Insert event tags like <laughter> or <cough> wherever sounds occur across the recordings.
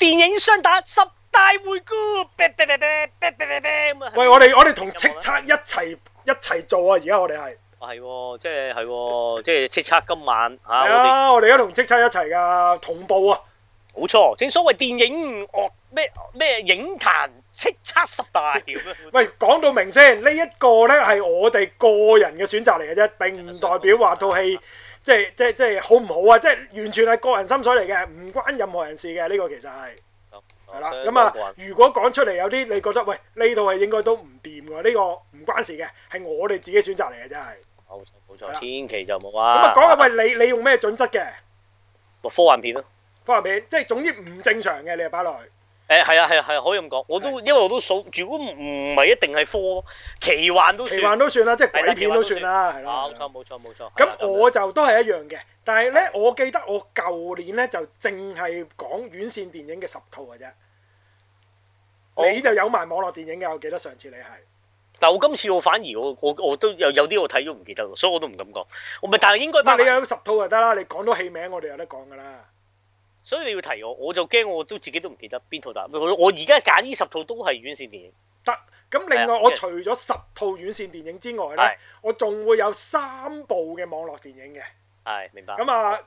電影雙打十大回顧，喂，我哋我哋同叱咤一齊一齊做啊！而家我哋係，係即係即係叱咤今晚係啊，們啊！我哋而家同叱咤一齊噶同步啊！冇錯，正所謂電影樂咩咩影壇叱咤十大，喂，講到明星呢一個咧係我哋個人嘅選擇嚟嘅啫，並唔代表話套戲。嗯嗯嗯嗯嗯即係即係即係好唔好啊！即係完全係個人心水嚟嘅，唔關任何人事嘅呢、這個其實係係啦。咁啊吧，嗯、如果講出嚟有啲你覺得喂呢度係應該都唔掂喎，呢、這個唔關事嘅，係我哋自己選擇嚟嘅真係。冇錯冇錯，錯吧千祈就冇啊！咁、嗯、啊，講下喂，你你用咩準則嘅？科幻片咯，科幻片即係總之唔正常嘅你就擺落去。誒係、欸、啊係啊係啊，可以咁講，我都、啊、因為我都數，如果唔唔係一定係科、啊，奇幻都奇幻都算啦，即係鬼片都算啦，係咯、啊。冇錯冇錯冇錯。咁、啊、我就都係一樣嘅，但係咧，啊、我記得我舊年咧就淨係講院線電影嘅十套嘅啫，哦、你就有埋網絡電影嘅。我記得上次你係。但我今次我反而我我我都有有啲我睇咗唔記得所以我都唔敢講。我咪但係應該，你有十套就得啦，你講到戲名我哋有得講㗎啦。所以你要提我，我就驚我都自己都唔記得邊套。答我，我而家揀呢十套都係院線電影。得，咁另外我除咗十套院線電影之外咧，的我仲會有三部嘅網絡電影嘅。係，明白。咁啊，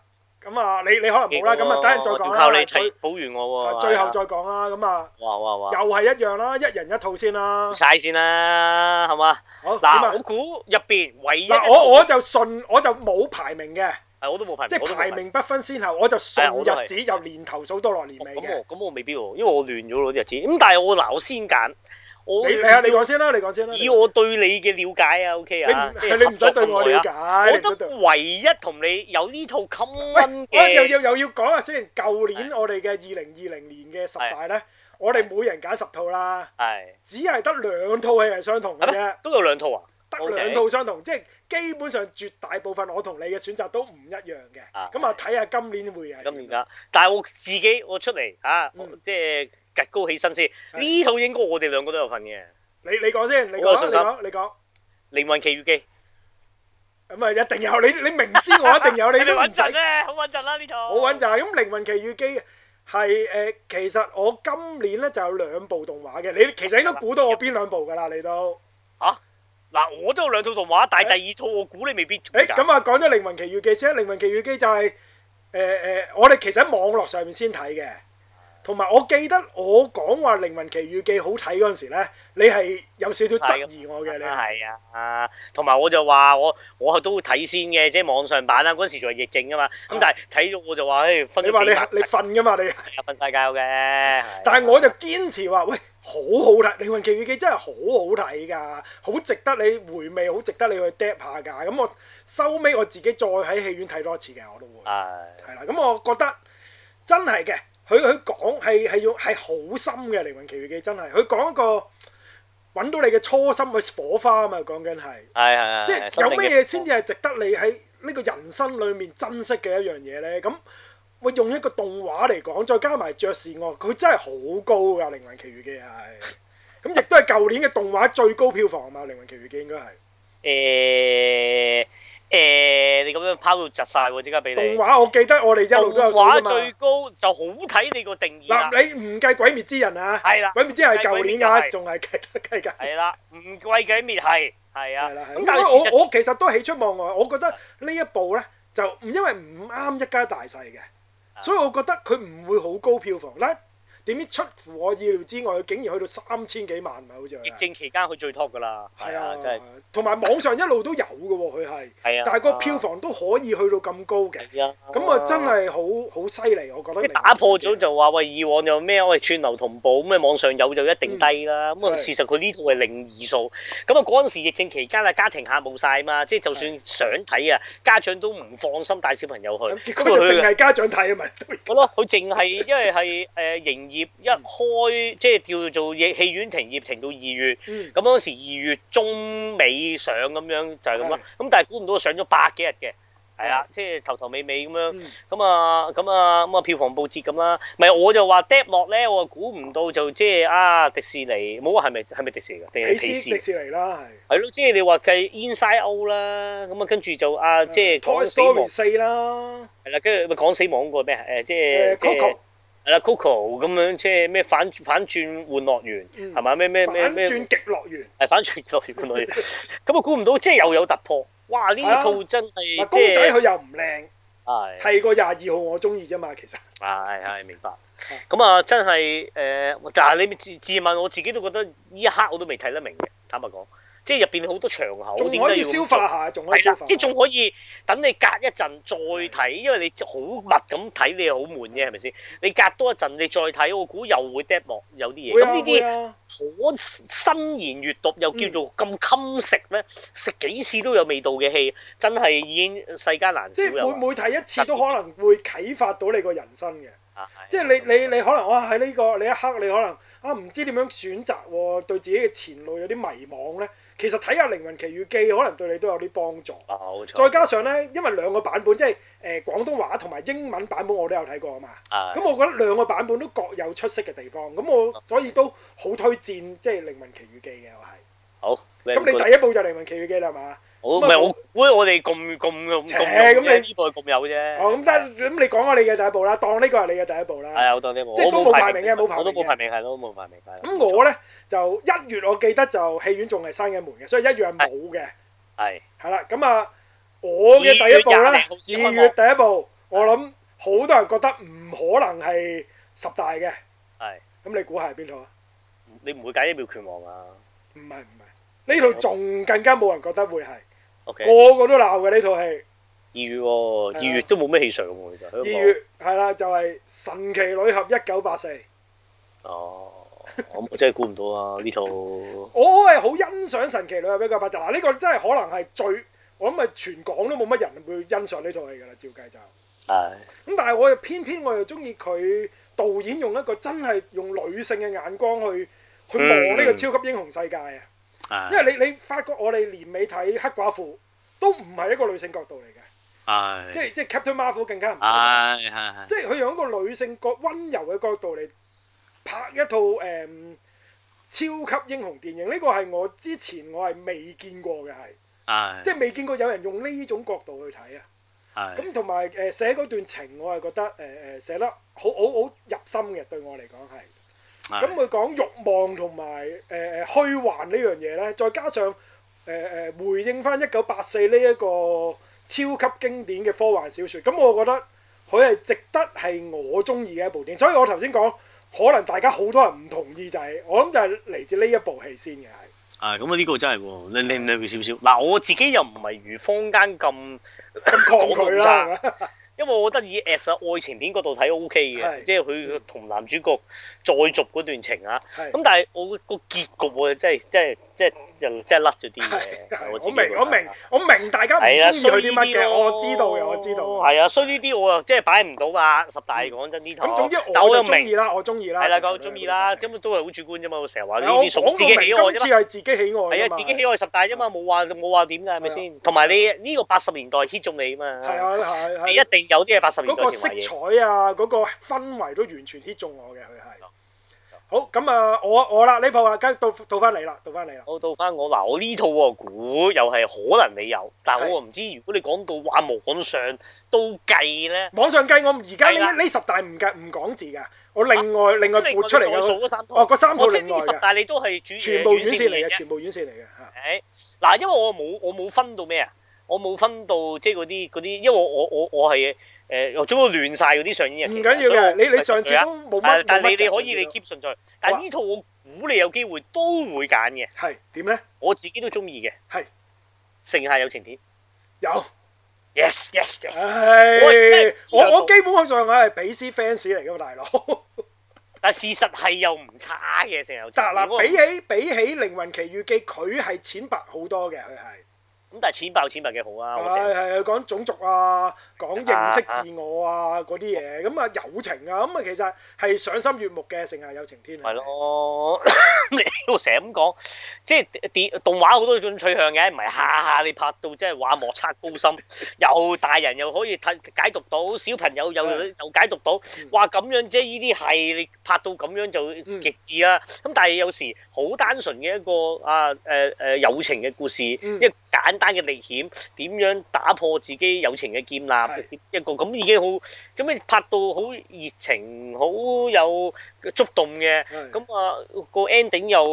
咁啊，你你可能冇啦，咁啊，等陣再講啦。靠你提補完我喎。最後再講啦，咁啊。哇，哇哇哇！又係一樣啦，一人一套先啦。猜先啦，係嘛？好嗱、啊，我估入邊唯一嗱、啊，我我，我就信我就冇排名嘅。啊我都冇排名，即係排名不分先後，我就順日子由年頭數多落年尾嘅。咁我咁我未必喎，因為我亂咗咯啲日子。咁但係我嗱我先揀。你係啊？你講先啦，你講先啦。以我對你嘅了解啊，OK 啊，你唔使對我了解。我覺得唯一同你有呢套咁，又要又要講啊。雖然舊年我哋嘅二零二零年嘅十大咧，我哋每人揀十套啦，係，只係得兩套戲係相同嘅啫。都有兩套啊？兩套相同，即係基本上絕大部分我同你嘅選擇都唔一樣嘅。咁啊，睇下今年會啊。今年啊，但係我自己我出嚟啊，即係趌高起身先。呢套應該我哋兩個都有份嘅。你你講先，你講，你講，你講。靈魂奇遇記。唔係一定有你，你明知我一定有，你都唔使。好穩陣咧，好穩陣啦呢套。好穩陣。咁靈魂奇遇記係誒，其實我今年咧就有兩部動畫嘅，你其實應該估到我邊兩部㗎啦，你都。嚇？嗱，我都有兩套動畫，但係第二套我估你未必。誒，咁啊，講咗《靈魂奇遇記》先，《靈魂奇遇記》就係誒誒，我哋其實喺網絡上面先睇嘅，同埋我記得我講話《靈魂奇遇記》好睇嗰陣時咧，你係有少少質疑我嘅，你係。係啊，同埋我就話我我係都會睇先嘅，即係網上版啦，嗰陣時仲係疫症噶嘛。咁但係睇咗我就話，誒分幾日。你話你你瞓噶嘛你？瞓曬覺嘅。但係我就堅持話喂。好好睇《靈魂奇遇記》真係好好睇㗎，好值得你回味，好值得你去 dap 下㗎。咁我收尾我自己再喺戲院睇多次嘅我都會，係啦的。咁我覺得真係嘅，佢佢講係係要係好深嘅《靈魂奇遇記》真係，佢講一個揾到你嘅初心去火花啊嘛，講緊係，的的即係的的有咩嘢先至係值得你喺呢個人生裡面珍惜嘅一樣嘢呢？咁。會用一個動畫嚟講，再加埋爵士樂，佢真係好高㗎《靈魂奇遇記》係，咁亦都係舊年嘅動畫最高票房啊嘛，《靈魂奇遇記》應該係。誒誒，你咁樣拋到窒晒喎，即刻俾你。動畫我記得我哋一路都有數啊嘛。動畫最高就好睇你個定義嗱，你唔計《鬼滅之人》啊？係啦，《鬼滅之人》係舊年啊，仲係計計㗎。係啦，唔計《鬼滅》係係啊。係啦係咁但係我我其實都喜出望外，我覺得呢一部咧就唔因為唔啱一家大細嘅。所以我覺得佢唔會好高票房咧。點知出乎我意料之外，佢竟然去到三千幾萬，唔係好似，疫症期間佢最 top 㗎啦。係啊，真係。同埋網上一路都有㗎喎，佢係。係啊。但係個票房都可以去到咁高嘅。咁啊，真係好好犀利，我覺得。即係打破咗就話喂，以往有咩喂串流同步咁咩網上有就一定低啦。咁啊，事實佢呢套係零二數。咁啊，嗰陣時疫症期間啊，家庭下冇晒嘛，即係就算想睇啊，家長都唔放心帶小朋友去。咁結果佢淨係家長睇啊嘛。係咯，佢淨係因為係誒營業一開即係叫做嘢戲院停業，停到二月，咁嗰時二月中尾上，咁樣就係咁啦。咁但係估唔到上咗百幾日嘅，係啊，即係頭頭尾尾咁樣。咁啊，咁啊，咁啊，票房報捷咁啦。咪我就話跌落咧，我估唔到就即係啊，迪士尼冇話係咪，係咪迪士尼㗎，迪士尼，迪士尼啦係。係咯，即係你話計 Inside Out 啦，咁啊跟住就啊即係 Toy Story 四啦。係啦，跟住咪講死亡嗰個咩啊？即係係啦，Coco 咁樣即係咩反反轉換樂園係咪？咩咩咩咩反轉極樂園係反轉極樂園樂園，咁啊估唔到即係又有突破，哇！呢套真係、啊、即係是公仔佢又唔靚，係睇、哎、個廿二號我中意啫嘛，其實係係、哎哎、明白。咁啊真係誒、呃，但係你自，自問我自己都覺得呢一刻我都未睇得明嘅，坦白講。即係入邊好多場口，點都要消化下，即係仲可以等你隔一陣再睇，的因為你好密咁睇你又好悶啫，係咪先？你隔多一陣你再睇，我估又會 drop 落有啲嘢。咁呢啲啊！可伸延閱讀又叫做咁襟食咩？食、嗯、幾次都有味道嘅戲，真係已經世間難少。即係每是每睇一次都可能會啟發到你個人生嘅。嗯即係你你你可能啊喺呢個你一刻你可能啊唔知點樣選擇喎，對自己嘅前路有啲迷惘咧。其實睇下《靈魂奇遇記》可能對你都有啲幫助。啊，冇錯。再加上咧，因為兩個版本即係誒廣東話同埋英文版本我都有睇過啊嘛。係。咁我覺得兩個版本都各有出色嘅地方，咁我，啊，所以都好推薦即係《靈魂奇遇記》嘅我係。好。咁你第一部就《靈魂奇遇記》啦嘛？唔係，我估我哋咁咁咁咁，呢部係咁有啫。哦，咁得，咁你講下你嘅第一部啦，當呢個係你嘅第一部啦。係啊，當呢部。即係都冇排名嘅，冇排名嘅。我都冇排名，係咯，冇排名。咁我咧就一月，我記得就戲院仲係閂緊門嘅，所以一月係冇嘅。係。係啦，咁啊，我嘅第一部咧，二月廿零號先開。二月第一部，我諗好多人覺得唔可能係十大嘅。係。咁你估係邊套啊？你唔會揀一秒拳王啊？唔係唔係，呢套仲更加冇人覺得會係。Okay. 個個都鬧嘅呢套戲。戲二月喎、哦，啊、二月都冇咩戲上喎，其實。二月係啦、啊，就係、是《神奇女俠一九八四》。哦。我真係估唔到啊呢套。 <laughs> 部我係好欣賞《神奇女俠一九八四》嗱，呢個真係可能係最我諗咪全港都冇乜人會欣賞呢套戲噶啦，照計就。係唉。咁但係我又偏偏我又中意佢導演用一個真係用女性嘅眼光去去望呢個超級英雄世界啊。嗯因為你你發覺我哋年尾睇《黑寡婦》都唔係一個女性角度嚟嘅、哎，即係即係 Captain Marvel 更加唔係，哎、即係佢用一個女性角温柔嘅角度嚟拍一套誒、嗯、超級英雄電影，呢、這個係我之前我係未見過嘅，係、哎、即係未見過有人用呢種角度去睇啊，咁同埋誒寫嗰段情，我係覺得誒誒寫得好好好入心嘅，對我嚟講係。咁佢講慾望同埋誒誒虛幻呢樣嘢咧，再加上誒誒、呃、回應翻一九八四呢一個超級經典嘅科幻小說，咁、嗯、我覺得佢係值得係我中意嘅一部電影。所以我頭先講可能大家好多人唔同意就係，我諗就係嚟自呢一部戲先嘅係。啊，咁啊呢個真係喎，你你唔同意少少？嗱、嗯，我自己又唔係如坊間咁咁抗拒啦。 <laughs> 因為我覺得以 S 啊愛情片角度睇 O K 嘅，是即係佢同男主角再續嗰段情呀，咁是但係我個結局我哋真係真係。即係就即係甩咗啲嘢。我明我明我明，大家唔中意啲乜嘢我知道嘅，我知道。係啊，所以呢啲我啊即係擺唔到㗎，十大講真呢套。咁總之我又中意啦，我中意啦。係啦，夠中意啦，咁都係好主觀啫嘛，我成日話呢啲屬自己喜愛，自己喜愛。係啊，自己喜愛十大啫嘛，冇話冇話點㗎，係咪先？同埋你呢個八十年代 hit 中你嘛？係啊係係。你一定有啲係八十年代。嗰個色彩啊，嗰個氛圍都完全 hit 中我嘅，佢係。好，咁啊，我我啦，呢部啊，梗係倒倒翻你啦，倒翻你啦。好，倒翻、哦、我嗱，我呢套啊估又係可能你有，但係我唔知。是如果你講到話網上都計咧，網上計我而家呢呢十大唔計唔講字㗎，我另外、啊、另外撥出嚟嘅。我數嗰三套。哦，嗰三套另外嘅，我清呢十大你都係主院線嚟嘅，全部院線嚟嘅嚇。係嗱的，因為我冇我冇分到咩啊，我冇分到即係嗰啲嗰啲，因為我我我係。我我我誒，總之亂曬嗰啲上演人，唔緊要嘅。你你上次都冇乜，但你你可以你 keep 順序。但呢套我估你有機會都會揀嘅。係點咧？我自己都中意嘅。係。剩下有情天。有。Yes yes yes。我我基本上我係彼思 fans 嚟㗎嘛，大佬。但事實係又唔差嘅，成日。嗱嗱，比起比起《靈魂奇遇記》，佢係淺白好多嘅，佢係。咁但係錢爆錢唔係幾好啊！係係講種族啊，講認識自我啊嗰啲嘢，咁啊友情啊，咁、嗯、啊其實係賞心悅目嘅，盛夏友情天啊。係咯。都成日咁講，即係啲動畫好多種取向嘅，唔係下下你拍到即係話莫測高深，又大人又可以睇解讀到小朋友又的又解讀到，話咁樣啫，呢啲係你拍到咁樣就極致啦。咁、嗯、但係有時好單純嘅一個啊誒誒友情嘅故事，嗯、一個簡單嘅歷險，點樣打破自己友情嘅建立？一個咁已經好，咁樣你拍到好熱情、好有觸動嘅，咁啊個 ending 又～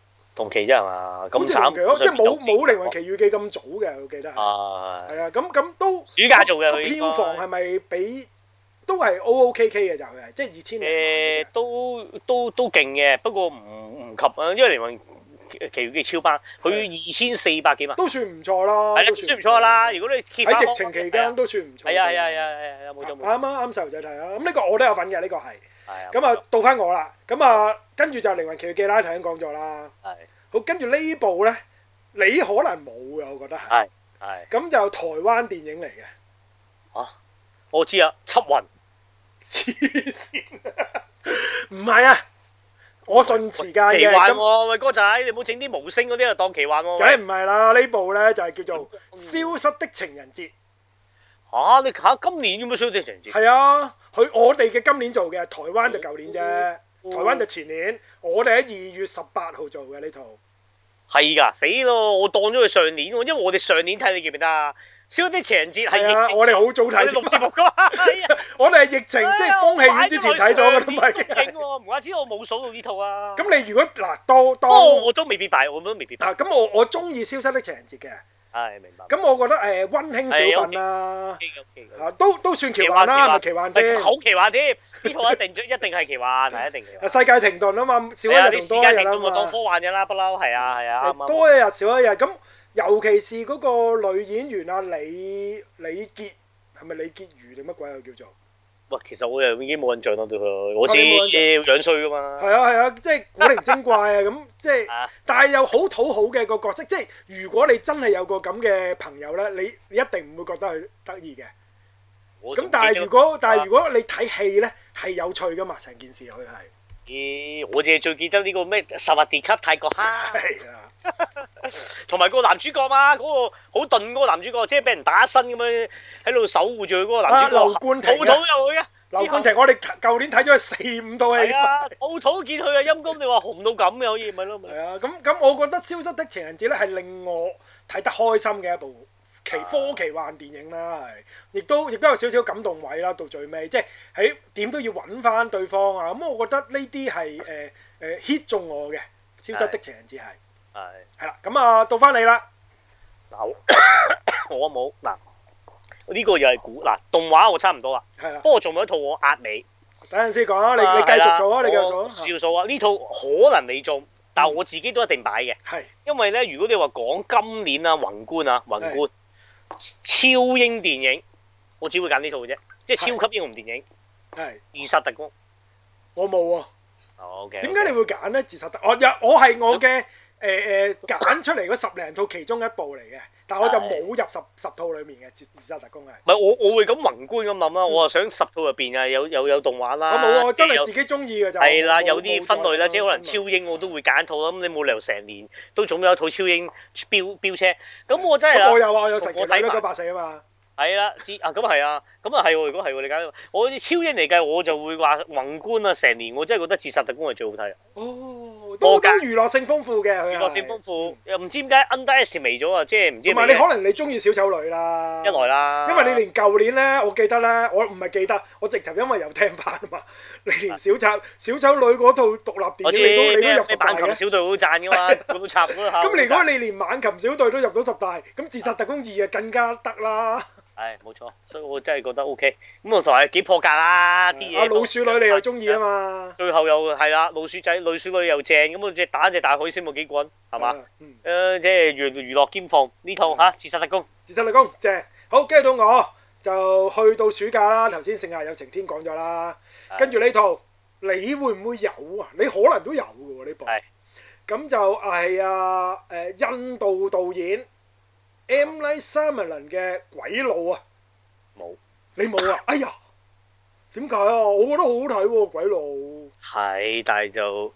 同期啫係嘛，咁慘。即係冇冇《靈魂奇遇記》咁早嘅，我記得係。啊。係啊，咁咁都暑假做嘅，票房係咪比都係 O O K K 嘅就係，即係二千零。誒，都都都勁嘅，不過唔唔及啊，因為靈魂。《奇遇記》超班，佢二千四百幾萬，都算唔錯啦。都算唔錯啦。如果你喺疫情期間都算唔錯。係啊係啊係啊，冇啊，冇錯。啱啊，啱細路仔睇啊。咁呢個我都有份嘅，呢個係。係啊。咁啊，到翻我啦。咁啊，跟住就《靈魂奇遇記》啦，頭先講咗啦。係。好，跟住呢部咧，你可能冇啊，我覺得係。係。咁就台灣電影嚟嘅。啊？我知啊，《緝魂》。黐線唔係啊！我順時間嘅，奇、啊、喂哥仔，你唔好整啲無聲嗰啲啊，當奇幻喎、啊。梗係唔係啦，部呢部咧就係、是、叫做《消失的情人節》。嚇、啊！你睇下今年有冇消失的情人節？係啊，佢我哋嘅今年做嘅，台灣就舊年啫，哦哦、台灣就前年，我哋喺二月十八號做嘅呢套。係噶，死咯！我當咗佢上年喎，因為我哋上年睇你記唔記得？消失的情人節係疫情我哋好早睇。我哋錄節目我哋係疫情即係封戲院之前睇咗嘅都唔係。唔怪之我冇數到呢套啊！咁你如果嗱，當當……我都未必睇，我都未必睇。咁我我中意消失的情人節嘅。係，明白。咁我覺得誒溫馨小品啦，都都算奇幻啦，唔係奇幻啫，好奇幻添！呢套一定一定係奇幻，係一定嘅。世界停頓啊嘛，少一日多一日啊嘛。當科幻嘅啦，不嬲，係啊係啊，多一日少一日咁。尤其是嗰個女演員啊李，李是是李傑係咪李傑如定乜鬼啊叫做？喂，其實我又已經冇印象啦，對佢、啊，我自己樣衰㗎嘛。係啊係啊，即係古靈精怪啊咁， <laughs> 即係，但係又好討好嘅個角色，即係如果你真係有個咁嘅朋友咧，你你一定唔會覺得佢得意嘅。我咁但係如果、啊、但係如果你睇戲咧係有趣㗎嘛，成件事佢係、就是。啲，我哋係最記得呢個咩《十日卡泰國》哈，同埋個男主角嘛，嗰個好鈍嗰個男主角，即係俾人打身咁樣喺度守護住佢嗰個男主角。啊，劉冠廷嘅。敖又去嘅。劉冠廷，我哋舊年睇咗佢四五套戲啦。敖陶見佢嘅、啊、 <laughs> 陰功，你話紅到咁嘅可以、啊啊，咪咯咪。啊，咁咁，我覺得《消失的情人節》咧係令我睇得開心嘅一部。科技幻電影啦，係，亦都亦都有少少感動位啦，到最尾，即係喺點都要揾翻對方啊，咁我覺得呢啲係誒誒 hit 中我嘅，消失的情人節係，係，係啦，咁啊到翻你啦，嗱，我冇，嗱，呢個又係估，嗱動畫我差唔多啊，係啦，不過仲有一套我押你，等陣先講啊，你你繼續做啊，你繼續，照數啊，呢套可能你做，但係我自己都一定擺嘅，係，因為咧如果你話講今年啊，宏觀啊，宏觀。超英電影，我只會揀呢套嘅啫，即係超級英雄電影。係的自殺特攻，我冇啊。哦，OK。點解你會揀咧？自殺特，我有，我係我嘅。誒誒揀出嚟嗰十零套其中一部嚟嘅，但係我就冇入十十套裡面嘅《自自殺特工》嘅。唔係我我會咁宏觀咁諗啦，嗯、我話想十套入邊啊有有有動畫啦，我冇啊！我真係自己中意嘅就係啦，有啲有分類啦，錯即係可能超英我都會揀一套咁、嗯、你冇理由成年都總有一套超英飆飆，飆車。咁我真係、嗯、我有啊，我有睇咗九百四啊嘛。係啦，啊咁係、嗯、啊，咁啊係喎，如果係喎、啊、你揀，我超英嚟計我就會話宏觀啊，成年我真係覺得《自殺特工》係最好睇。哦，都幾娛樂性豐富嘅，娛樂性豐富又唔、嗯、知點解 Under ated, S 微咗啊，即係唔知。唔係你可能你中意小丑女啦，一來啦，因為你連舊年咧，我記得咧，我唔係記得，我直頭因為有聽翻啊嘛。你連小賊、小丑女嗰套獨立電影你都你都入十大嘅，咁如果你連猛禽小隊都入到十大，咁《自殺特工二》啊更加得啦。係冇錯，所以我真係覺得 OK。咁我同埋幾破格啦啲嘢。老鼠女你又中意啊嘛。最後又係啦，老鼠仔、女鼠女又正，咁我隻打隻大海先冇幾滾，係嘛？嗯。誒，即係娛娛樂兼放呢套嚇《自殺特工》。自殺特工正好，跟住到我就去到暑假啦。頭先盛夏有晴天講咗啦。跟住呢套，你會唔會有啊？你可能都有嘅喎呢部。咁就係啊，誒印度導演 M. Night Shyamalan 嘅《詭老》啊。冇。你冇啊？哎呀，點解啊？我覺得好好睇喎《詭老》。係，但係就。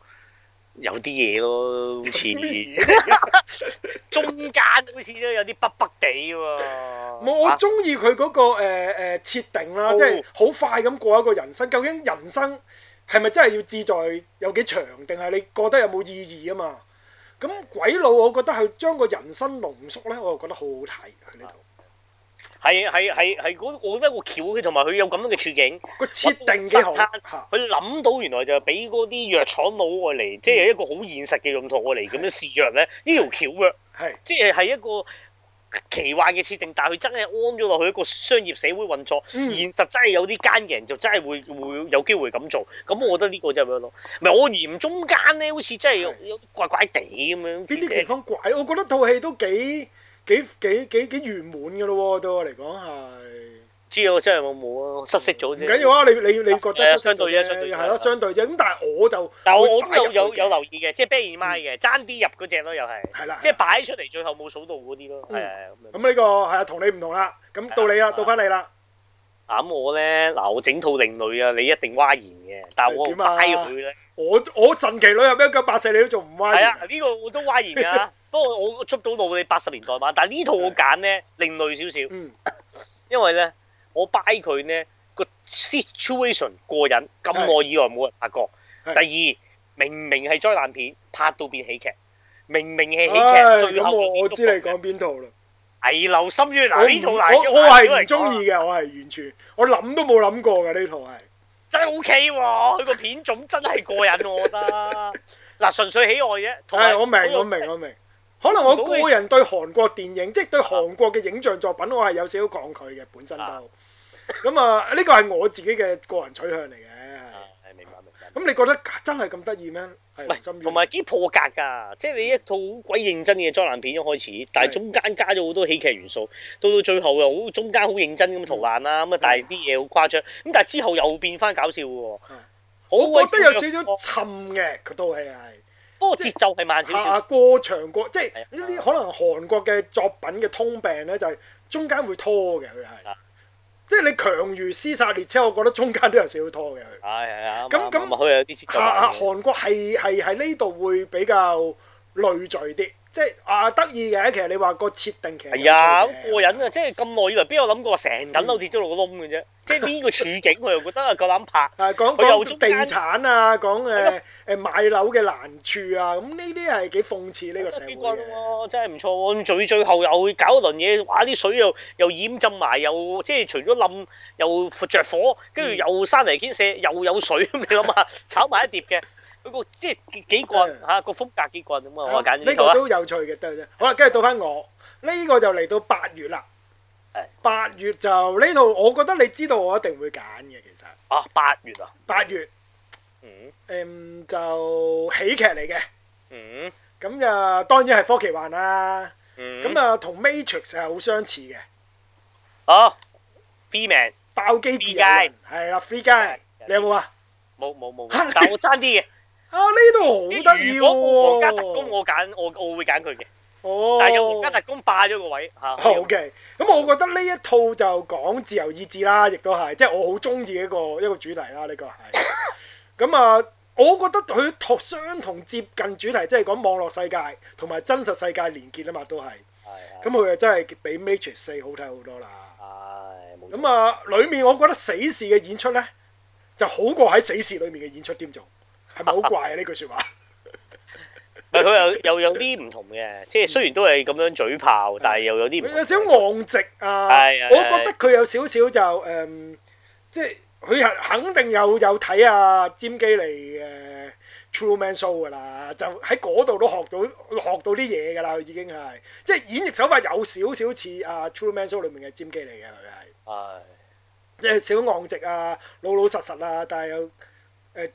有啲嘢咯，好似中間好似都有啲北北地喎。冇，我中意佢嗰個誒誒設定啦，即係好快咁過一個人生。究竟人生係咪真係要自在有幾長，定係你覺得有冇意義啊嘛？咁鬼佬，我覺得係將個人生濃縮咧，我就覺得好好睇喺呢度。係啊，係係係，我覺得一個橋佢同埋佢有咁樣嘅處境個設定嘅好，佢諗到，、啊、到原來就係俾嗰啲藥廠攞嚟，即、就、係、是、一個好現實嘅用途嚟咁樣試藥咧。呢條是橋喎是，係即係係一個奇幻嘅設定，但係佢真係安咗落去一個商業社會運作。嗯、現實真係有啲奸嘅人就真係會會有機會咁做。咁我覺得呢個就係咪咯？唔係我嫌中間咧，好似真係有啲怪怪地咁是樣。呢啲地方怪？我覺得套戲都幾。幾幾幾幾圓滿嘅咯喎，對我嚟講係。知道真係冇冇啊，失色咗。唔緊要啊，你你你覺得相對啫，相對係咯，相對啫。咁但係我就但我我都有有有留意嘅，即係啤耳麥嘅，爭啲入嗰隻咯又係。係啦。即係擺出嚟最後冇數到嗰啲咯，係啊咁呢個係啊，同你唔同啦。咁到你啦，到翻你啦。咁我咧嗱，我整套另類啊，你一定嘩然嘅。點啊？我我神奇女俠一九八四你都做唔嘩然。係啊，呢個我都嘩然㗎。不過我捉到路你八十年代嘛，但呢套我揀呢，另類少少，因為呢，我掰佢呢個 situation 過癮，咁耐以來冇人拍過。第二明明係災難片，拍到變喜劇，明明係喜劇，最後我知你講邊套啦？危樓深淵嗱呢套嚟，我我係唔中意嘅，我係完全我諗都冇諗過嘅呢套係。真係 O K 佢個片種真係過癮，我覺得嗱純粹喜愛啫。同埋我明我明我明。可能我個人對韓國電影，啊、即係對韓國嘅影像作品，我係有少少抗拒嘅本身都。咁啊，呢、嗯啊這個係我自己嘅個人取向嚟嘅。啊，明白明白。咁、嗯、你覺得、啊、真係咁得意咩？係同埋幾破格㗎？即係你一套好鬼認真嘅災難片一開始，但係中間加咗好多喜劇元素，到到最後又好中間好認真咁逃難啦，咁啊是但係啲嘢好誇張，咁但係之後又變翻搞笑喎。係是。啊、我覺得有少少沉嘅，佢套戲係。啊啊啊啊啊啊個節奏係慢少少，過長過即係呢啲可能韓國嘅作品嘅通病咧，就係、係、中間會拖嘅佢係，哎、呀即係你強如《屍殺列車》，我覺得中間都有少少拖嘅佢。係係啊，咁咁，佢有啲節奏。韓韓國係喺呢度會比較累贅啲。即係啊，得意嘅，其實你話個設定其實係啊好過癮啊！即係咁耐以來，邊有諗過成棟樓跌咗落個窿嘅啫？嗯、即係呢個處境我又 <laughs> 覺得夠啊？夠膽拍。佢又捉地產啊，講誒誒買樓嘅難處啊，咁呢啲係幾諷刺呢個社會。邊個、啊啊、真係唔錯。最最後又會搞一輪嘢，哇啲水又又淹浸埋，又即係除咗冧又着火，跟住又山泥傾瀉，又有水，你諗下，炒埋一碟嘅。嗰個即係幾個人嚇？個風格幾個人啊嘛？呢個都有趣嘅，得係。好啦，跟住到翻我，呢個就嚟到八月啦。八月就呢套，我覺得你知道我一定會揀嘅，其實。啊，八月啊？八月。嗯。誒，就喜劇嚟嘅。嗯。咁啊，當然係科奇幻啦。嗯。咁啊，同 Matrix 係好相似嘅。哦。f e m a n 爆機自由人。係啦，Free Guy 你有冇啊？冇冇冇。但我爭啲嘅。啊！呢度好得意喎。即如果皇家特工我，我揀我我會揀佢嘅。哦。但係個皇家特工霸咗個位嚇。O K、啊。咁、okay，我覺得呢一套就講自由意志啦，亦都係即係我好中意一個一個主題啦。呢個係。咁 <laughs> 啊，我覺得佢同相同接近主題，即、就、係、是、講網絡世界同埋真實世界連結啊嘛，都係。係，咁佢又真係比 Matrix 四好睇好多啦。係。咁啊，裡面我覺得死侍嘅演出咧，就好過喺死侍裡面嘅演出添做。係咪好怪啊！呢 <laughs> <laughs> 句説話， <laughs> 唔佢又有有啲唔同嘅，即係雖然都係咁樣嘴炮， <laughs> 但係又有啲 <laughs> 有少昂直啊！ <laughs> 我覺得佢有少少就誒、嗯，即係佢肯肯定有有睇阿詹基嚟誒 True Man Show 㗎啦，就喺嗰度都學到學到啲嘢㗎啦，佢已經係即係演繹手法有少少似阿 True Man Show 裡面嘅詹基嚟嘅佢係，即係少昂直啊，老老實實啊，但係又。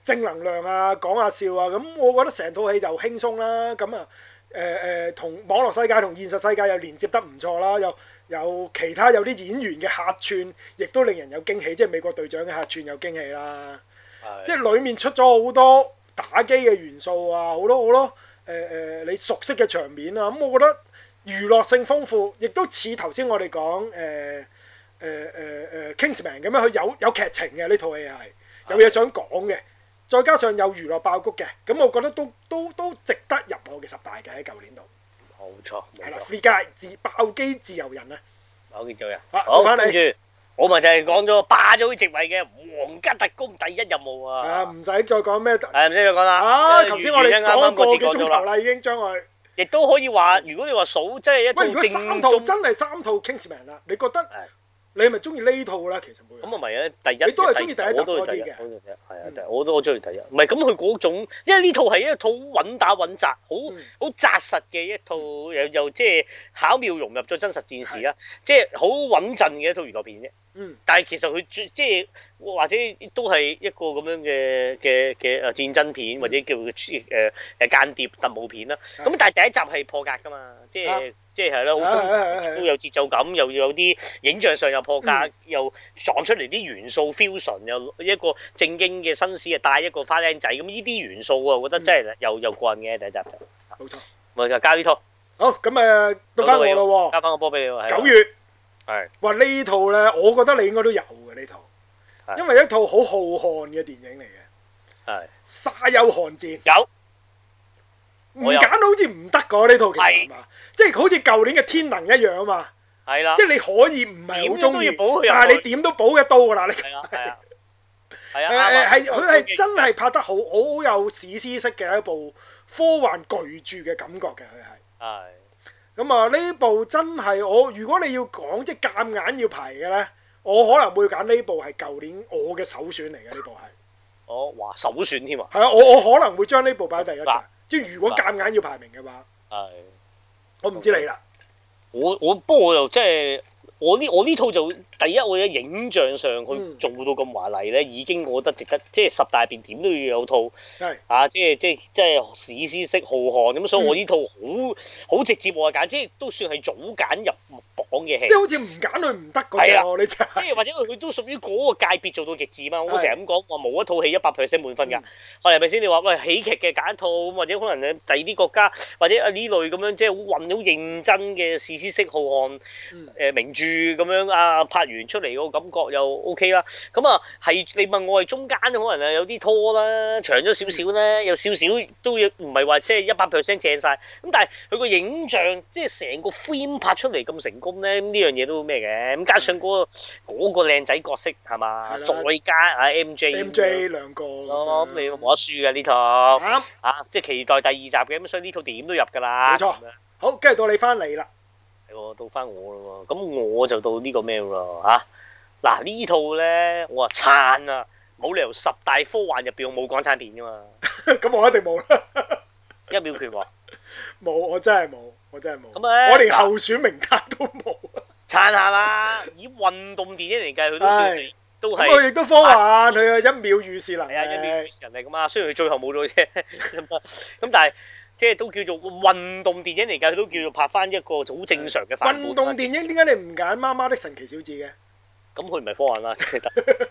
正能量啊，講下笑啊，咁、嗯、我覺得成套戲就輕鬆啦，咁啊誒誒同網絡世界同現實世界又連接得唔錯啦，又有其他有啲演員嘅客串，亦都令人有驚喜，即係美國隊長嘅客串有驚喜啦，的即係裡面出咗好多打機嘅元素啊，好多好多誒誒、呃呃、你熟悉嘅場面啊，咁、嗯、我覺得娛樂性豐富，亦都似頭先我哋講誒誒誒、呃、誒、呃呃呃、Kingsman 咁樣，佢有有，有劇情嘅呢套戲係。有嘢想講嘅，再加上有娛樂爆谷嘅，咁我覺得都都都值得入我嘅十大嘅喺舊年度。冇錯。係啦，Free Guy 自爆機自由人啊！爆機自由人。好，跟住我咪就係講咗霸咗啲席位嘅皇家特工第一任務啊！啊，唔使再講咩？係唔使再講啦。啊，頭先我哋講咗個幾鐘頭啦，已經將佢。亦都可以話，如果你話數即係一套正，真係三套 Kingsman 啦，你覺得？你係咪中意呢套啦，其實冇人。咁啊，唔係啊，第一，你都係中意第一集多啲嘅。係、嗯、啊，第一，我都好中意第一。唔係，咁佢嗰種，因為呢套係一套穩打穩紮、好好紮實嘅一套，又又即係巧妙融入咗真實戰士啦，的即係好穩陣嘅一套娛樂片啫。嗯、但係其實佢即係或者都係一個咁樣嘅嘅嘅誒戰爭片，或者叫誒誒、呃、間諜特務片啦。咁但係第一集係破格噶嘛，即係、啊、即係係咯，好都、啊、有節奏感，又有啲影像上又破格，嗯、又撞出嚟啲元素 fusion 又一個正經嘅紳士，啊，帶一個花靚仔咁呢啲元素啊，我覺得真係又又過癮嘅第一集。冇錯，我哋加呢套。交好，咁誒、嗯、到翻我啦喎，加翻個波俾你九月。哇！呢套咧，我覺得你應該都有嘅呢套，因為一套好浩瀚嘅電影嚟嘅。係。沙丘寒戰有。唔揀好似唔得嗰呢套其實嘛，即係好似舊年嘅天能一樣啊嘛。係啦。即係你可以唔係好中意，但係你點都補一刀㗎啦，你，個啊。係佢係真係拍得好好有史詩式嘅一部科幻巨著嘅感覺嘅佢係。係。咁啊呢部真係我如果你要講即係夾硬要排嘅呢，我可能會揀呢部係舊年我嘅首選嚟嘅呢部係。哦，哇首選添啊！係啊，我我可能會將呢部擺第一排，啊、即係如果夾硬要排名嘅話。係、啊啊 okay。我唔知你啦。我我不過我又即係。我呢我呢套就第一，我喺影像上去做到咁華麗咧，已經我覺得值得，即係十大別點都要有套，啊，即係即係即係史詩式浩瀚咁，所以我呢套好好直接，我係簡直都算係早揀入榜嘅戲。即係好似唔揀佢唔得嗰隻。啊，你就 <laughs> 即係或者佢都屬於嗰個界別做到極致嘛。我成日咁講話冇一套戲一百 percent 滿分㗎，係咪先？你話喂，喜劇嘅揀一套，或者可能第二啲國家或者啊呢類咁樣，即係好混好認真嘅史詩式浩瀚誒名著。咁樣啊！拍完出嚟個感覺又 OK 啦。咁啊，係你問我係中間，可能啊有啲拖啦，長咗少少咧，嗯、有少少都唔係話即係一百 percent 正晒。咁但係佢個影像即係成個 film 拍出嚟咁成功咧，呢樣嘢都咩嘅？咁加上嗰個嗰個靚仔角色係嘛，的再加啊 MJ，MJ 兩個。咁你冇得輸噶呢套，啊即係期待第二集嘅，咁所以呢套點都入噶啦。冇錯錯，的好，跟住到你翻嚟啦。到翻我啦喎，咁我就到個、啊啊、呢個咩啦嚇？嗱呢套咧，我話撐啊，冇理由十大科幻入邊我冇港產片㗎嘛。咁 <laughs> 我一定冇啦，一秒拳王。冇， <laughs> 我真係冇，我真係冇。咁咧，我連候選名單都冇。 <laughs> 撐下啦，以運動電影嚟計，佢都算 <laughs> 都係是。咁佢亦都科幻，啊，佢係、啊、一秒預視嚟。啊，一秒預視人嚟㗎嘛。雖然佢最後冇咗啫，咁但係。即係都叫做運動電影嚟㗎，佢都叫做拍翻一個好正常嘅版本。運動電影點解你唔揀《媽媽的神奇小子》嘅？咁佢唔係科幻啦，其實。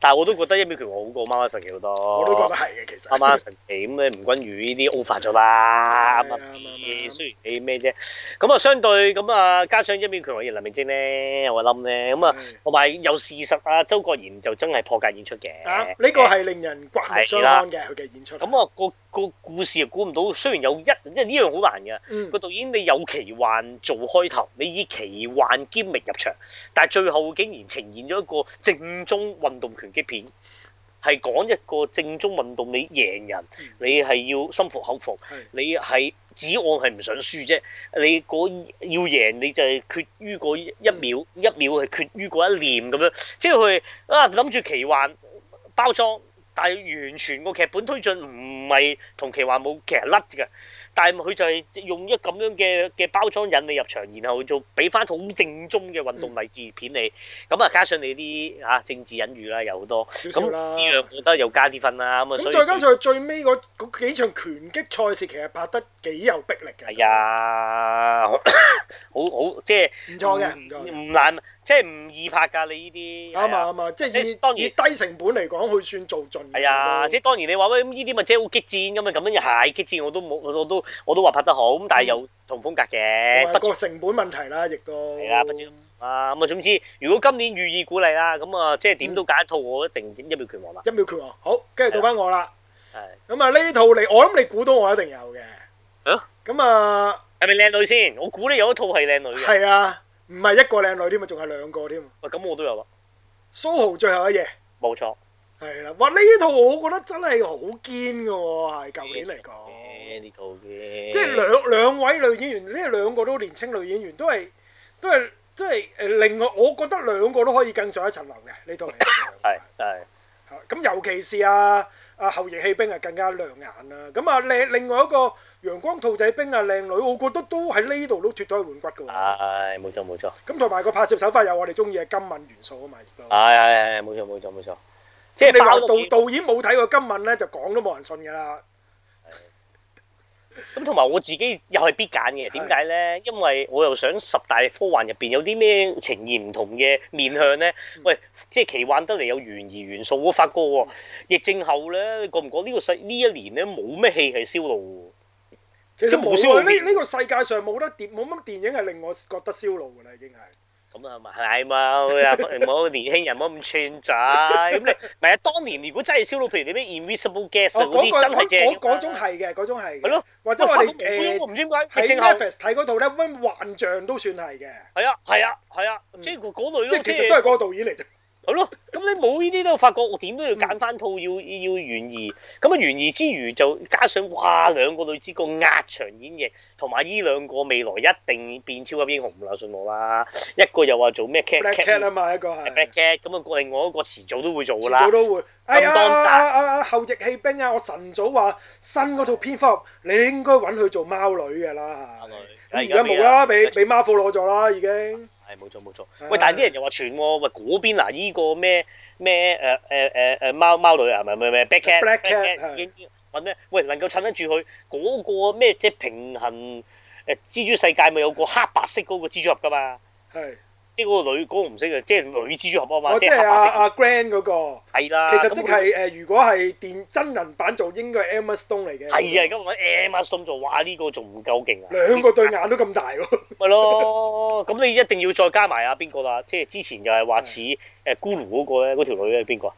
但係我都覺得一秒拳王好過阿媽神奇好多，我都覺得係嘅其實、嗯。阿 <laughs> 媽神奇咁咧，吳君如呢啲 over 咗啦。阿 <laughs> 媽，雖然你咩啫。咁啊，相對咁啊，加上一秒拳王同林明禎咧，我諗咧。咁啊，同埋有，有事實啊，周國賢就真係破格演出嘅。呢、啊呢個係令人刮目相看嘅佢嘅演出。咁啊、嗯，個個故事又估唔到，雖然有一，因為呢樣好難㗎。個、嗯、導演你有奇幻做開頭，你以奇幻兼名入場，但係最後竟然呈現咗一個正宗運動。拳擊片係講一個正宗運動，你贏人，你係要心服口服，你係只我係唔想輸啫，你要贏你就係決於嗰一秒，一秒係決於嗰一念咁樣，即係佢啊諗住奇幻包裝，但係完全個劇本推進唔係同奇幻冇劇甩嘅。但係佢就係用一咁樣嘅嘅包裝引你入場，然後做俾翻好正宗嘅運動勵志片你。咁啊、嗯，加上你啲嚇、啊、政治隱喻啦，有好多。少少啦。呢樣我覺得又加啲分啦。咁、嗯、以再加上最尾嗰嗰幾場拳擊賽事，其實拍得幾有逼力嘅。係啊，好好即係。唔錯嘅，唔、嗯、難。即係唔易拍㗎，你呢啲。啱啊啱啊，即係以當然低成本嚟講，佢算做盡㗎。係啊，即係當然你話喂，呢啲咪即係好激戰咁啊！咁樣又係激戰，我都冇，我都我都話拍得好，咁但係有同風格嘅。不過成本問題啦，亦都係啊，唔啊咁啊，總之如果今年寓意鼓勵啦，咁啊即係點都揀一套，我一定一秒拳王啦。一秒拳王，好，跟住到返我啦。係。咁啊呢套嚟，我諗你估到我一定有嘅。啊？咁啊係咪靚女先？我估你有一套係靚女嘅。係啊。唔係一個靚女添啊，仲係兩個添喂，咁我都有啦。蘇豪、Soho、最後一夜。冇錯。係啦，哇！呢套我覺得真係好堅嘅喎，係舊年嚟講。即係兩兩位女演員，呢兩個都年青女演員，都係都係即係誒，另外我覺得兩個都可以更上一層樓嘅呢套嚟嘅。係係。咁尤其是阿、啊、阿後翼棄兵係更加亮眼啊！咁啊，另另外一個。陽光兔仔兵啊，靚女，我覺得都喺呢度都脱胎換骨噶喎。係、哎，冇錯冇錯。咁同埋個拍攝手法又我哋中意嘅金敏元素啊嘛，亦都係係係，冇錯冇錯冇錯。即係你話括導演冇睇過金敏咧，就講都冇人信㗎啦。咁同埋我自己又係必揀嘅，點解咧？的因為我又想十大科幻入邊有啲咩呈現唔同嘅面向咧。嗯、喂，即係奇幻得嚟有懸疑元素。我發覺喎，疫症、嗯、後咧，你覺唔覺呢個世呢一年咧冇咩戲係燒腦即係冇銷啊！呢呢個世界上冇得電，冇乜電影係令我覺得燒腦㗎啦，已經係。咁啊，係嘛？又唔好年輕人，唔好咁串仔。咁你，唔係啊？當年如果真係燒腦，譬如你咩《Invisible Guest》嗰啲，真係正。嗰嗰種係嘅，嗰種係。係咯。或者我哋誒喺 Netflix 睇嗰套咧，咩幻象都算係嘅。係啊！係啊！係啊！即係嗰類都。即係其實都係嗰個導演嚟嘅。好咯，咁你冇呢啲都發覺，我點都要揀翻套要、嗯、要懸疑，咁啊懸疑之餘就加上哇兩個女子個壓場演繹，同埋呢兩個未來一定變超級英雄唔留信我啦，一個又話做咩黑 cat 啊嘛，一個係黑 cat，咁啊另，另外一個遲早都會做㗎啦，遲早都會。咁多集啊啊，啊後續戲邊啊？我晨早話新嗰套蝙蝠俠，你應該揾佢做貓女㗎啦嚇，咁而家冇啦，俾俾貓婦攞咗啦已經。係冇錯冇錯，喂但係啲人又話傳喎，喂嗰邊嗱依個咩咩誒誒誒誒貓貓女啊係咪咩咪 black cat black cat 咩喂能夠襯得住佢嗰個咩即係平衡誒蜘蛛世界咪有個黑白色嗰個蜘蛛俠噶嘛係。即係嗰個女嗰個唔識嘅，即係女蜘蛛俠啊嘛，即係阿阿 Grand 嗰個。係啦。其實即係誒，如果係電真人版做，應該係 Emma Stone 嚟嘅。係啊，咁我 Emma Stone 做，哇！呢個仲唔夠勁啊？兩個對眼都咁大喎。咪咯，咁你一定要再加埋阿邊個啦？即係之前就係話似誒咕嚕嗰個咧，嗰條女係邊個啊？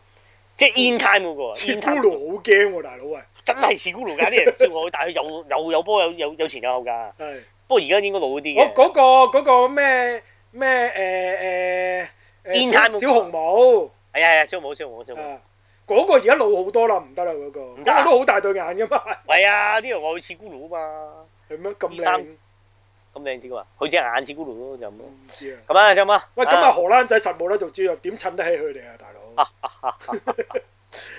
即係 In Time 嗰個。In Time。似咕嚕好驚喎，大佬啊！真係似咕嚕㗎，啲人笑我，但係佢又有波有有有前有後㗎。不過而家應該老啲嘅。我嗰個嗰個咩？咩誒誒誒小紅帽？哎呀，小紅帽，小紅帽，小紅帽，嗰個而家老好多啦，唔得啦嗰個，嗰個都好大對眼噶嘛。係啊，啲人話佢似咕嚕啊嘛。係咩咁靚？咁靚似嘛？佢隻眼似咕嚕咯，就咁咯。唔知啊。咁啊，張媽，咁啊荷蘭仔實冇咧，仲主要點襯得起佢哋啊，大佬？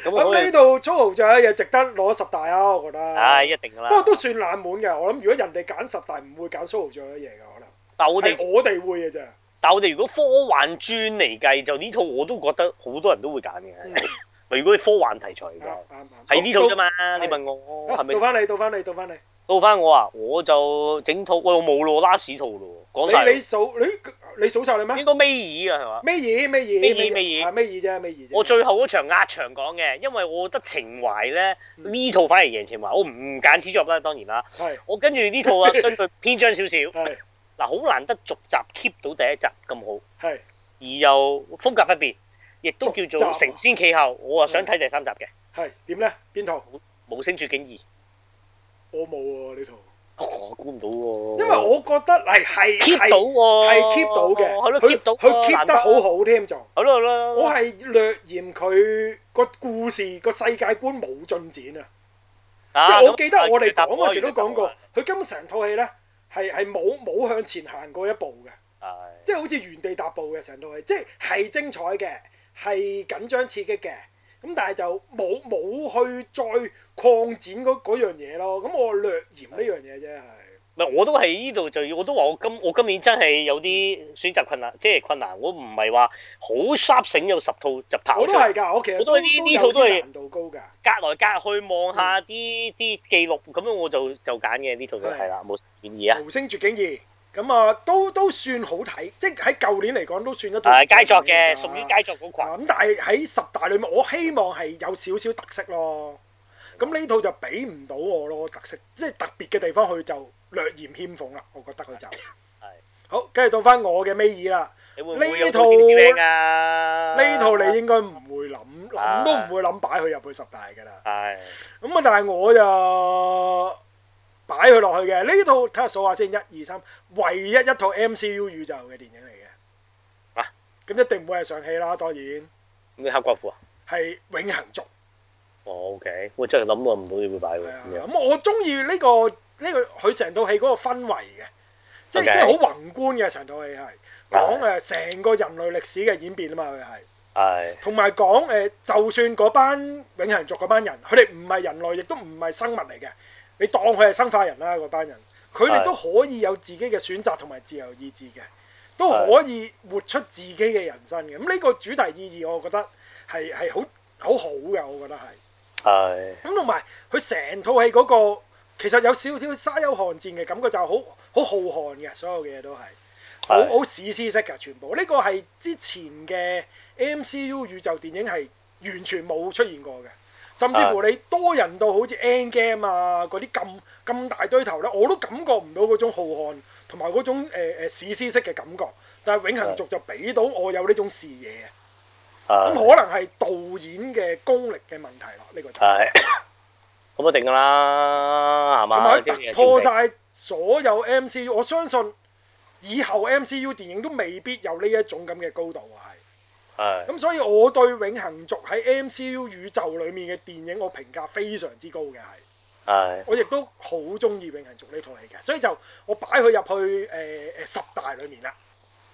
咁呢度粗豪就有嘢值得攞十大啊，我覺得。係一定啦。不過都算冷門嘅，我諗如果人哋揀十大，唔會揀粗豪做咗嘢噶，可能。但我哋我哋會嘅啫。但我哋如果科幻專嚟計，就呢套我都覺得好多人都會揀嘅。咪如果係科幻題材嘅，係呢套啫嘛。你問我係咪？倒翻你，倒翻你，倒翻你。倒翻我啊！我就整套，我冇攞拉屎套咯，講曬。你你數你你數曬啦咩？應該尾二啊，係嘛？尾二？尾二？尾二？尾二？係尾二啫，尾二。我最後嗰場壓場講嘅，因為我覺得情懷咧呢套反而贏情懷。我唔揀此作啦，當然啦。係。我跟住呢套啊，相對偏張少少。係。嗱，好難得續集 keep 到第一集咁好，係，而又風格不變，亦都叫做承先啟後。我啊想睇第三集嘅，係點咧？邊套？無聲絕境二，我冇啊，呢套，我估唔到喎。因為我覺得係係係 keep 到喎，係 keep 到嘅，佢佢 keep 得好好添就，好啦好啦，我係略嫌佢個故事個世界觀冇進展啊，即係我記得我哋講嗰陣時都講過，佢根本成套戲咧。係係冇冇向前行過一步嘅，哎、即係好似原地踏步嘅成套戲，即係係精彩嘅，係緊張刺激嘅，咁但係就冇冇去再擴展嗰樣嘢咯，咁我略嫌呢樣嘢啫係。哎我都喺呢度就要，我都話我，我今我今年真係有啲選擇困難，即係困難。我唔係話好 sharp 醒有十套就跑出嚟。我都係㗎，我其實我都啲啲套都係難度高㗎。隔來隔去望下啲啲記錄，咁樣我就就揀嘅呢套、嗯、就係啦，冇建議啊。的無聲絕境二咁啊，都都算好睇，即係喺舊年嚟講都算得套佳作嘅，屬於佳作嗰羣。咁、啊、但係喺十大裏面，我希望係有少少特色咯。咁呢套就俾唔到我咯特色，即係特別嘅地方，佢就略嫌欠奉啦，我覺得佢就係好。繼續到翻我嘅尾二啦，呢套呢套你應該唔會諗，諗都唔會諗擺佢入去十大㗎啦。係咁啊，但係我就擺佢落去嘅。呢套睇下數下先，一二三，唯一一套 MCU 宇宙嘅電影嚟嘅。嗱，咁一定唔會係上戲啦，當然。咩黑寡婦啊？係永恆族。哦，oh，OK，我真係諗都唔到會擺喎。咁我中意呢個呢個佢成套戲嗰個氛圍嘅，即係 Okay。即係好宏觀嘅成套戲係講誒成個人類歷史嘅演變啊嘛，佢係。係。同埋講誒，就算嗰班永恆族嗰班人，佢哋唔係人類，亦都唔係生物嚟嘅。你當佢係生化人啦，嗰班人，佢哋都可以有自己嘅選擇同埋自由意志嘅，都可以活出自己嘅人生嘅。咁呢個主題意義，我覺得係係好好好嘅，我覺得係。係。咁同埋佢成套戲嗰、嗰個，其實有少少沙丘寒戰嘅感覺就，就好好浩瀚嘅，所有嘅嘢都係，好好是的 史詩式㗎，全部。呢個係之前嘅 MCU 宇宙電影係完全冇出現過嘅，甚至乎你多人到好似 Endgame 啊嗰啲咁咁大堆頭咧，我都感覺唔到嗰種浩瀚同埋嗰種誒、呃、史詩式嘅感覺。但係《永恆族》就俾到我有呢種視野。咁可能係導演嘅功力嘅問題啦，呢個就係咁一定㗎啦，係嘛？同埋突破曬所有 M C U，我相信以後 M C U 電影都未必有呢一種咁嘅高度係。係。咁所以我對《永恆族》喺 M C U 宇宙裡面嘅電影，我評價非常之高嘅係。係。我亦都好中意《永恆族》呢套戲嘅，所以就我擺佢入去誒誒十大裡面啦。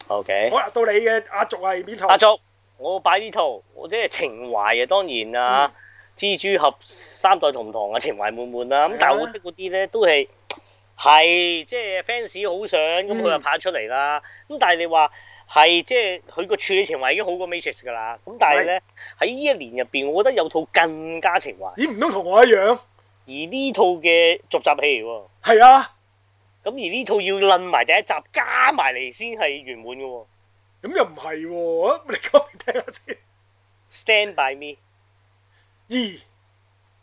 OK。好啦，到你嘅阿族係邊套？阿族。我擺呢套，我即係情懷啊，當然啊，嗯《蜘蛛俠》《三代同堂》啊，情懷滿滿啦、啊。咁、嗯、但係我識嗰啲咧，都係係即係 fans 好想，咁佢又拍出嚟啦。咁、嗯、但係你話係即係佢個處理情懷已經好過 Matrix 㗎啦。咁但係咧喺呢是一年入邊，我覺得有套更加情懷。咦、欸，唔通同我一樣？而呢套嘅續集戲嚟喎。係啊。咁而呢套要攬埋第一集，加埋嚟先係完滿嘅喎。咁又唔係喎，你講嚟聽下先。Stand by me 二移，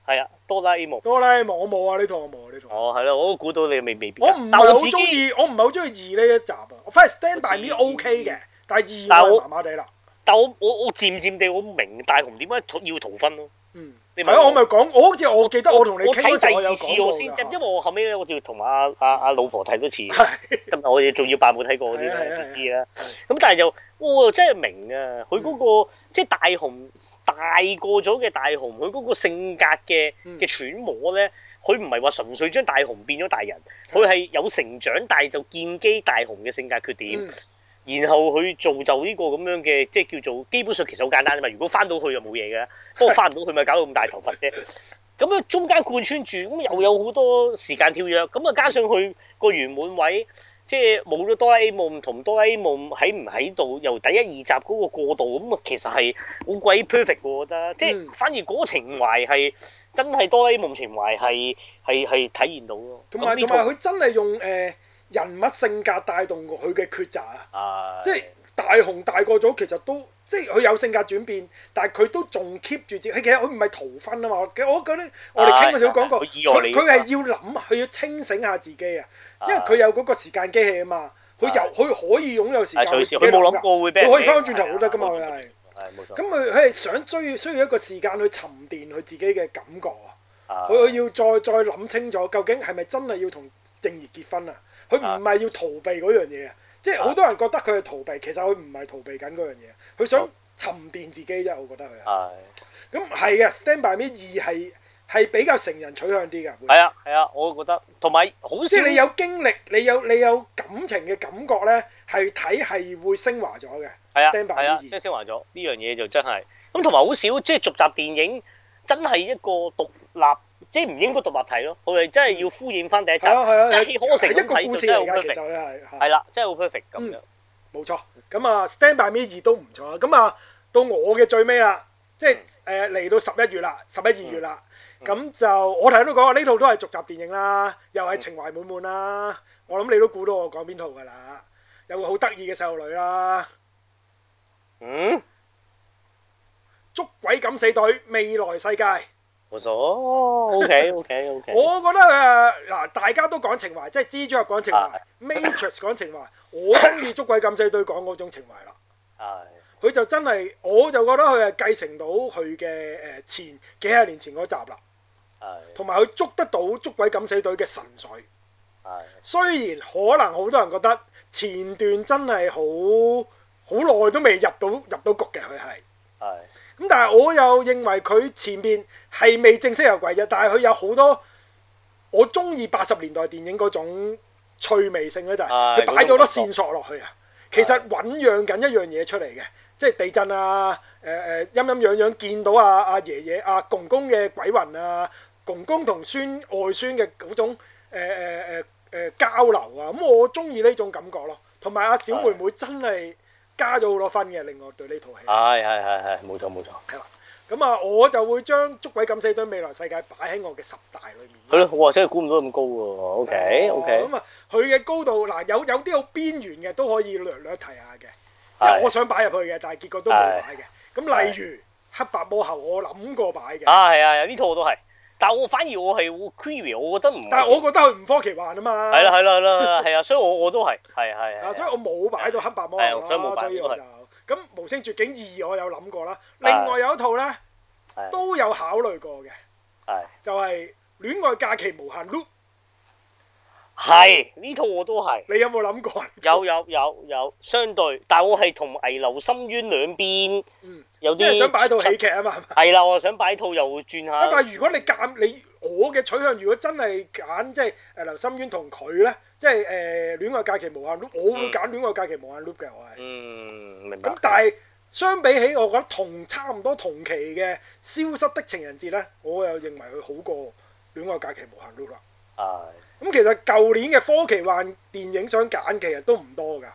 係啊，哆啦 A 夢。哆啦 A 夢我冇啊，呢套我冇啊，呢套。哦，係咯，我都估到你未未必。我唔係好中意，我唔係好中意二呢一集啊。我反而 Stand by me O K 嘅，但係二就麻麻地啦。但我我我漸漸地我明大雄點解要逃婚咯、啊。嗯。係啊，我咪講，我好似我記得我同你傾嗰陣，我睇第二次我先，嗯、因為我後尾我仲同阿阿阿老婆睇多次，今日 <laughs> 我哋仲要扮冇睇過嗰啲你知啦。咁但係就，我真係明啊，佢嗰、嗰個、嗯、即係大雄，大過咗嘅大雄。佢嗰個性格嘅嘅、嗯、揣摩咧，佢唔係話純粹將大雄變咗大人，佢係、嗯、有成長，但係就建基大雄嘅性格缺點。嗯然後佢做就呢個咁樣嘅，即係叫做基本上其實好簡單啫嘛。如果翻到去就冇嘢㗎，不過翻唔到去咪搞到咁大頭佛啫。咁樣中間貫穿住，咁又有好多時間跳躍，咁啊加上佢、這個圓滿位，即係冇咗哆啦 A 夢同哆啦 A 夢喺唔喺度，由第一二集嗰個過渡，咁啊其實係好鬼 perfect，我覺得。即係反而嗰個情懷係真係哆啦 A 夢情懷係係係體現到咯。同埋同埋佢真係用誒。呃人物性格帶動過佢嘅抉擇啊！即係大雄大個咗，其實都即係佢有性格轉變，但係佢都仲 keep 住自己即係其實佢唔係逃婚啊嘛！我我覺得我哋傾嗰時講過，佢佢係要諗，佢要清醒下自己啊！因為佢有嗰個時間機器啊嘛，佢由佢可以擁有時間，佢冇諗過會俾佢可以翻返轉頭都得㗎嘛！佢係咁佢係想追，需要一個時間去沉澱，佢自己嘅感覺啊！佢佢要再再諗清楚，究竟係咪真係要同靜兒結婚啊？佢唔係要逃避嗰樣嘢啊！即係好多人覺得佢係逃避，其實佢唔係逃避緊嗰樣嘢，佢想沉澱自己啫。我覺得佢啊。係、哎。咁係嘅，《Stand by Me》二係係比較成人取向啲㗎。係啊係啊，我覺得。同埋好少。即係你有經歷，你有你有感情嘅感覺咧，係睇係會升華咗嘅。係啊。二《Stand by Me》二、啊，即係、啊、升華咗呢樣嘢就真係。咁同埋好少，即係續集電影真係一個獨立。即係唔應該讀立體咯，我哋真係要敷衍翻第一集。係啊係啊，係一個故事真係好 perfect。係啦，真係好 perfect 咁樣。冇錯。咁啊，Stand By Me 二都唔錯啊。咁啊，到我嘅最尾啦，即係誒嚟到十一月啦，十一二月啦。咁就我頭先都講話呢套都係續集電影啦，又係情懷滿滿啦。我諗你都估到我講邊套㗎啦？有個好得意嘅細路女啦。嗯？捉鬼敢死隊未來世界。冇傻，oh，OK OK OK。 <laughs> 我覺得誒嗱，大家都講情懷，即係蜘蛛俠講情懷 <laughs> ，Matrix 講情懷，我中意捉鬼敢死隊講嗰種情懷啦。係。佢就真係，我就覺得佢係繼承到佢嘅誒前幾廿年前嗰集啦。係。同埋佢捉得到捉鬼敢死隊嘅神髓。係。 <laughs> <laughs> 雖然可能好多人覺得前段真係好好耐都未入到入到局嘅，佢係。係。 <laughs> <laughs> 咁但係我又認為佢前邊係未正式入鬼嘅，但係佢有好多我中意八十年代電影嗰種趣味性咧、就係，就係佢擺咗多線索落去啊。的其實醞釀緊一樣嘢出嚟嘅，的即係地震啊，誒、呃、誒陰陰陽陽見到啊阿、啊、爺爺阿、啊、公公嘅鬼魂啊，公公同孫外孫嘅嗰種誒誒誒交流啊。咁我中意呢種感覺咯，同埋阿小妹妹真係。加咗好多分嘅，另外對呢套戲。係係係係，冇錯冇錯。係、哎、啦，咁啊，我就會將《捉鬼敢死隊未來世界》擺喺我嘅十大裡面。係咯，哇！我真係估唔到咁高喎。O K O K。咁啊，佢嘅 okay、嗯、高度嗱、啊，有有啲好邊緣嘅都可以略略提下嘅。即係的我想擺入去嘅，但係結果都冇擺嘅。咁的例如《的黑白魔后》，我諗過擺嘅。啊係的啊，有呢套我都係。啊但我反而我係 query，我覺得唔，但係我覺得佢唔科奇幻啊嘛。 <laughs> 係啦係啦係啦，係啊，所以我我都係，係係係。啊 <laughs> ，所以我冇擺到黑白魔，係啊，所以冇，所以我就咁是無聲絕境二，我有諗過啦。另外有一套咧，都有考慮過嘅。係。就係、是、戀愛假期無限 loop 係呢套我都係。你有冇諗過？ <laughs> 有有有有，相對，但係我係同《危樓深淵》兩邊。嗯。有啲。即係想擺套喜劇啊嘛。係啦七， <laughs> 我想擺套又會轉下。但係如果你鑒你我嘅取向，如果真係揀即係《危樓深淵》同佢咧，即係誒《戀愛假期無限 loop》，我會揀《戀愛假期無限 loop》嘅我係。嗯，明白。咁但係相比起，我覺得同差唔多同期嘅《消失的情人節》咧，我又認為佢好過《戀愛假期無限 loop》啦。啊！咁其實舊年嘅科幻電影想揀，其實都唔多㗎。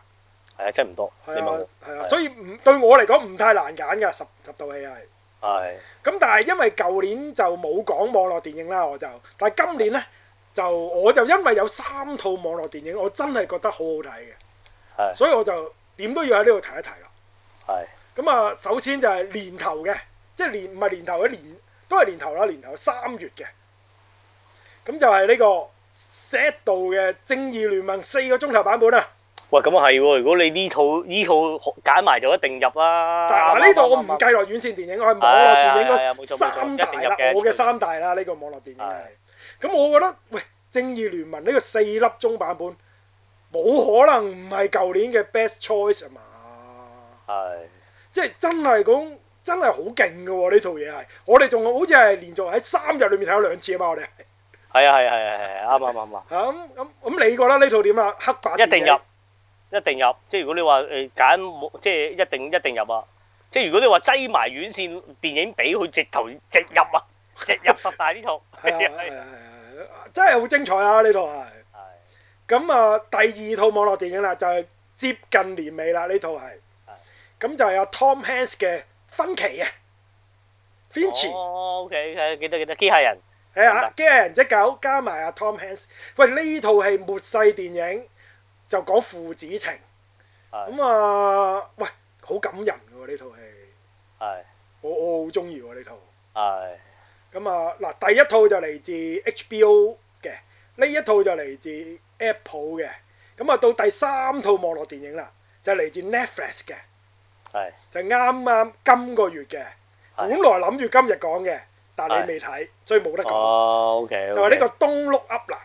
係啊，真係唔多。係啊的，係啊，所以唔對我嚟講唔太難揀㗎，十十套戲係。係的。咁但係因為舊年就冇講網絡電影啦，我就，但係今年呢，就我就因為有三套網絡電影，我真係覺得好好睇嘅。係的。所以我就點都要喺呢度提一提啦。係的。咁啊，首先就係年頭嘅，即係年唔係年頭嘅年，都係年頭啦，年頭，年頭三月嘅。咁就係呢個 set 度嘅《正義聯盟》四個鐘頭版本啊！喂，咁啊係喎，如果你呢套呢套揀埋就一定入啦。嗱，呢度我唔計落院線電影，我係網絡電影嘅三大啦，我嘅三大啦，呢個網絡電影。咁對我覺得喂，《正義聯盟》呢個四粒鐘版本冇可能唔係舊年嘅 Best Choice 對啊嘛。係。即係真係講真係好勁㗎喎，呢套嘢係。我哋仲好似係連續喺三日裏面睇咗兩次啊嘛，我哋。係啊係啊係啊係啊，啱啱啱啊！咁咁咁，你覺得呢套點啊？黑白一定入，一定入。即係如果你話誒揀即係一定一定入啊！即係如果你話擠埋院線電影俾佢直頭直入啊！直入十大呢套。係啊係啊係啊！真係好精彩啊！呢套係。係。咁啊，第二套網絡電影啦，就係接近年尾啦。呢套係。咁就係阿 Tom Hanks 嘅分歧啊，Finch。哦，OK，記得記得機械人？係啊，機器人隻狗加埋阿 Tom Hanks，喂呢套戲《末世電影》就講父子情，咁啊喂好感人嘅喎呢套戲，係我我好鍾意喎呢套，係咁啊嗱第一套就嚟自 HBO 嘅，呢一套就嚟自 Apple 嘅，咁啊到第三套網絡電影啦，就嚟自 Netflix 嘅，係就啱啱今個月嘅，本來諗住今日講嘅。但你未睇，所以冇得講。就係呢個東碌噏啦。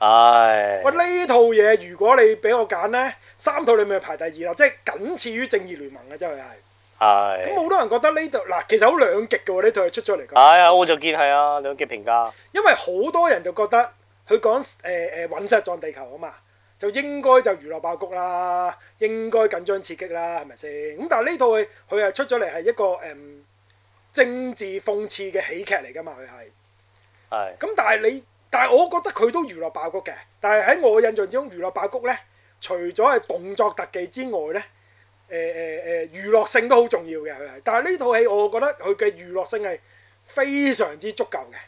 係。哇！呢套嘢如果你俾我揀咧，三套你咪排第二啦，即係僅次於《正義聯盟》嘅真係係。係。咁好多人覺得呢套嗱，其實好兩極嘅喎，呢套係出咗嚟。係啊，我就見係啊，兩極評價。因為好多人就覺得佢講誒誒隕石撞地球啊嘛，就應該就娛樂爆谷啦，應該緊張刺激啦，係咪先？咁但係呢套佢佢係出咗嚟係一個誒。政治諷刺嘅喜劇嚟㗎嘛的，佢係。係。咁但係你，但係我覺得佢都娛樂爆谷嘅。但係喺我印象之中，娛樂爆谷咧，除咗係動作特技之外咧，誒誒誒，娛樂性都好重要嘅。但係呢套戲我覺得佢嘅娛樂性係非常之足夠嘅。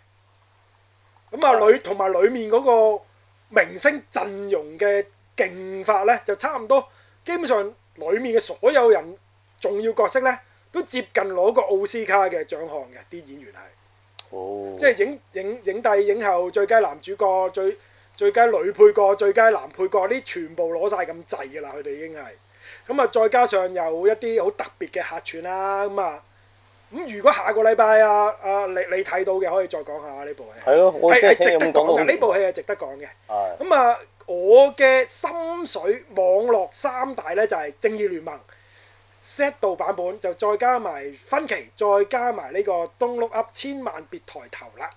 咁啊的，裏同埋裏面嗰個明星陣容嘅勁法咧，就差唔多。基本上裏面嘅所有人重要角色咧。都接近攞過奧斯卡嘅獎項嘅啲演員係，哦、即係影影影帝、影后、最佳男主角、最最佳女配角、最佳男配角，呢啲全部攞晒咁滯㗎啦，佢哋已經係。咁、嗯、啊，再加上有一啲好特別嘅客串啦，咁、嗯、啊，咁、嗯、如果下個禮拜阿阿你你睇到嘅，可以再講下呢部戲。係咯、哎，我真係值得講嘅呢、嗯、部戲係值得講嘅。咁啊、哎呀嗯嗯，我嘅心水網絡三大咧就係、是《正義聯盟》。set 度版本就再加埋分期，再加埋呢個 Don't Look Up，千萬別抬頭啦。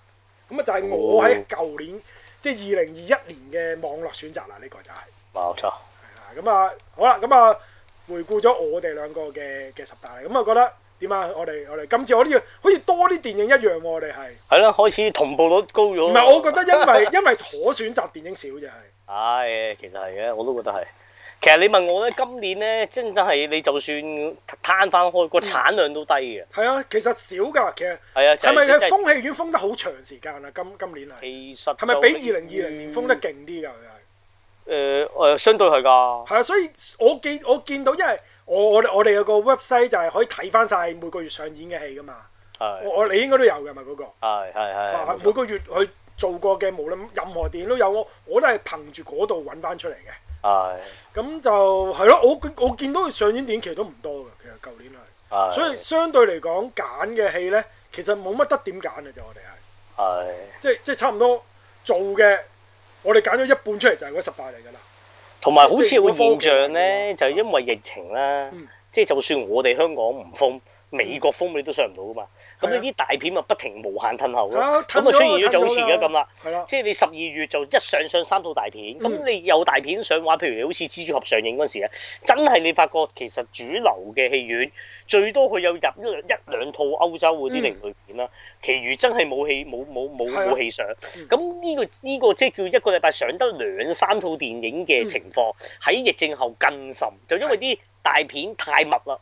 咁啊，就係我喺舊年，oh. 即係二零二一年嘅網絡選擇啦。呢、呢個就係冇錯。係啊、wow, 差，咁啊，好啦，咁啊，回顧咗我哋兩個嘅嘅十大，咁啊，覺得點啊？我哋我哋今次我呢樣好似多啲電影一樣喎、啊，我哋係係啦，開始同步率高咗。唔係，我覺得因為 <laughs> 因為可選擇電影少就係唉，其實係嘅，我都覺得係。其實你問我咧，今年咧，真真係你就算攤翻開個產量都低嘅。係、嗯、啊，其實少㗎，其實。係啊。係咪封戲院封得好長時間啊？今今年係。其實、就係。係咪比二零二零年封得勁啲㗎？佢係、嗯。誒、呃、相對係㗎。係啊，所以我見我見到，因為我我我哋有個 website 就係可以睇翻晒每個月上演嘅戲㗎嘛。的我我你應該都有㗎嘛？嗰、那個。係係每個月去做過嘅，無論任何電影都有，我我都係憑住嗰度揾翻出嚟嘅。係，咁、哎、就係咯。我我見到佢上演電影其實都唔多㗎，其實舊年係，哎、所以相對嚟講揀嘅戲呢，其實冇乜得點揀嘅就我哋係，係、哎，即即差唔多做嘅，我哋揀咗一半出嚟就係嗰十大嚟㗎啦。同埋好似會現象呢，就因為疫情啦，即係、嗯、就，就算我哋香港唔封。美國風味都上唔到噶嘛，咁你啲大片咪不停無限褪後咯，咁啊，出現咗就好似而家咁啦，即係你十二月就一上上三套大片，咁你有大片上畫，譬如你好似蜘蛛俠上映嗰陣時咧，真係你發覺其實主流嘅戲院最多佢有入一兩一兩套歐洲嗰啲另類片啦，其餘真係冇戲冇冇冇冇戲上，咁呢個呢個即係叫一個禮拜上得兩三套電影嘅情況喺疫症後更甚，就因為啲大片太密啦。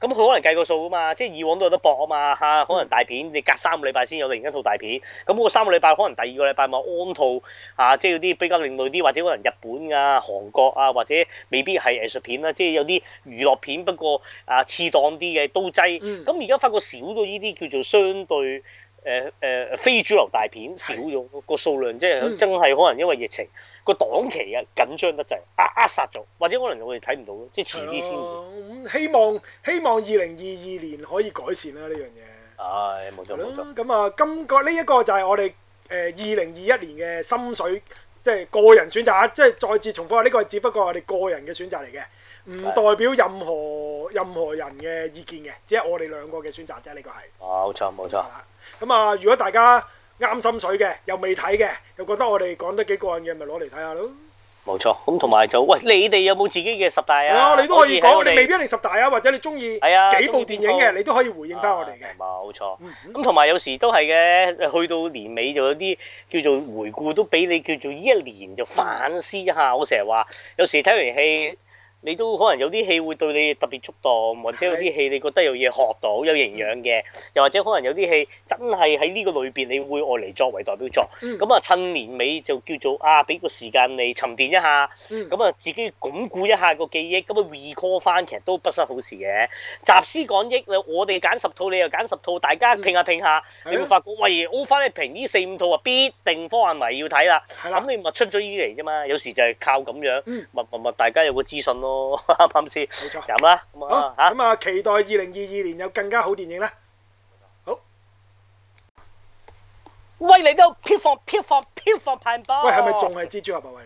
咁佢可能計個數噶嘛，即係以往都有得博啊嘛嚇，可能大片你隔三個禮拜先有另一套大片，咁嗰三個禮拜可能第二個禮拜咪安套嚇、啊，即係啲比較另類啲，或者可能日本啊、韓國啊，或者未必係藝術片啦、啊，即係有啲娛樂片，不過啊，次檔啲嘅刀劑，咁而家發覺少咗呢啲叫做相對。誒誒、呃、非主流大片少咗個的數量，即係真係可能因為疫情個檔、嗯、期啊，緊張得滯，壓壓殺咗，或者可能我哋睇唔到咯，即係遲啲先。希望希望二零二二年可以改善啦，呢樣嘢。唉、哎，冇錯冇錯。咁啊的，今錯、嗯這個呢一、這個就係我哋誒二零二一年嘅心水，即、就、係、是、個人選擇即係、就是、再次重複，呢、這個係只不過我哋個人嘅選擇嚟嘅，唔代表任何任何人嘅意見嘅，只係我哋兩個嘅選擇啫。呢、這個係冇錯冇錯。咁啊、嗯，如果大家啱心水嘅，又未睇嘅，又覺得我哋講得幾過癮嘅，咪攞嚟睇下咯。冇錯，咁同埋就喂，你哋有冇自己嘅十大啊？啊你都可以講，以你未必一定十大啊，或者你中意幾部電影嘅，啊、你都可以回應翻我哋嘅。冇、啊、錯，咁同埋有時都係嘅，去到年尾就有啲叫做回顧，都俾你叫做依一年就反思一下。嗯、我成日話，有時睇完戲。你都可能有啲戲會對你特別觸動，或者有啲戲你覺得有嘢學到，有營養嘅。又或者可能有啲戲真係喺呢個裏邊，你會愛嚟作為代表作。咁啊，趁年尾就叫做啊，俾個時間你沉澱一下。咁啊，自己鞏固一下個記憶，咁啊 recall 翻其實都不失好事嘅。集思廣益我哋揀十套，你又揀十套，大家拼下拼下，你會發覺，喂，我翻去平呢四五套啊，必定科幻迷要睇啦。咁你咪出咗呢啲嚟啫嘛。有時就係靠咁樣，默默默大家有個資訊咯。啱啱先，冇錯，飲啦，好，嚇，咁啊期待二零二二年有更加好電影啦，冇錯，好，喂你都票房票房票房排行榜，喂係咪仲係蜘蛛俠八位？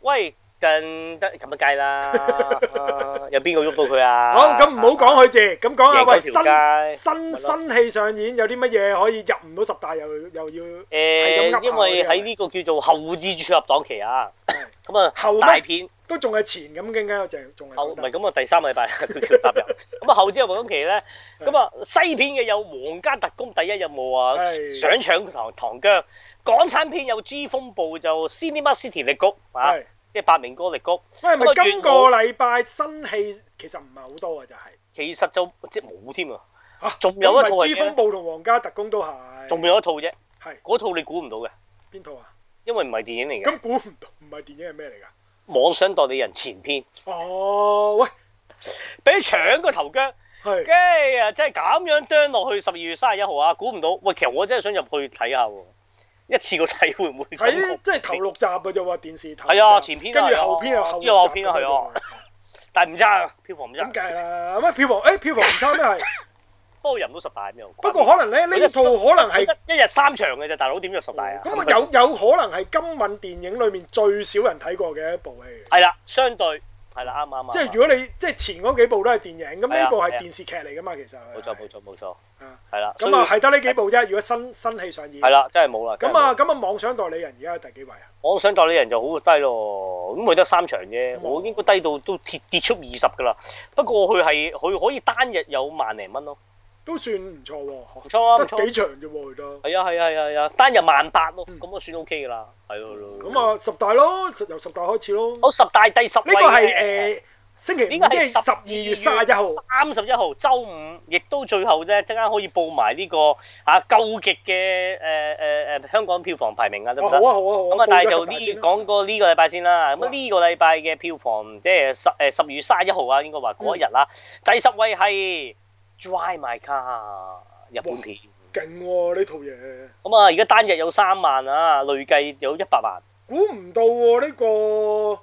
喂，得咁樣計啦，有邊個喐到佢啊？好，咁唔好講佢字，咁講啊喂，新新新戲上演有啲乜嘢可以入唔到十大又又要？誒，因為喺呢個叫做後蜘蛛俠檔期啊。咁啊，後排片都仲係前咁，更加就係仲係後，唔係咁啊，第三個禮拜佢就踏入。咁啊，後者黃金期咧，咁啊，西片嘅有《皇家特工第一任務》啊，想搶唐唐薑。港產片有《G 風暴》，就《Cinema City 力谷》啊，即係八明哥力谷。咁啊，今個禮拜新戲其實唔係好多啊，就係。其實就即係冇添啊，仲有一套。咁啊，《G 風暴》同《皇家特工》都係。仲未有一套啫。係。嗰套你估唔到嘅。邊套啊？因為唔係電影嚟嘅，咁估唔到唔係電影係咩嚟噶？網上代理人前篇哦。哦喂，俾你搶 <laughs> 個頭姜係即係啊，真係咁樣啄落去十二月三十一號啊，估唔到喂，其實我真係想入去睇下喎，一次過睇會唔會？睇啲即係頭六集就話電視睇係啊，前篇啊，跟住後篇又後集啊，後篇啊，但係唔差，票房唔差。點解啦？咁票房誒，票房唔差咩係？ <laughs> 多人都十大喺邊度？不過可能咧，呢一套可能係一日三場嘅啫，大佬點就十大啊？咁有有可能係今敏電影裏面最少人睇過嘅一部戲。係啦，相對係啦，啱啊啱啊。即係如果你即係前嗰幾部都係電影，咁呢部係電視劇嚟㗎嘛，其實。冇錯冇錯冇錯。啊，係啦。咁啊，係得呢幾部啫。如果新新戲上映係啦，真係冇啦。咁啊，咁啊，《妄想代理人》而家第幾位啊？《妄想代理人》就好低咯，咁佢得三場啫，我應該低到都跌跌出二十㗎啦。不過佢係佢可以單日有萬零蚊咯。都算唔錯喎，唔錯啊，得幾場啫喎，而家。係啊係啊係啊，單日萬八咯，咁啊算 OK 㗎啦。係咯。咁啊，十大咯，由十大開始咯。好，十大第十位。呢個係誒星期五，即係十二月三十一號。三十一號周五，亦都最後啫，即刻可以報埋呢個嚇究極嘅誒誒誒香港票房排名啊，得唔得？好啊好啊好啊。咁啊，但係就呢講過呢個禮拜先啦。咁啊，呢個禮拜嘅票房即係十誒十二月三十一號啊，應該話嗰一日啦。第十位係。Dry my car，日本片。勁喎呢套嘢。咁啊，而家單日有三萬啊，累計有一百萬。估唔到喎呢個，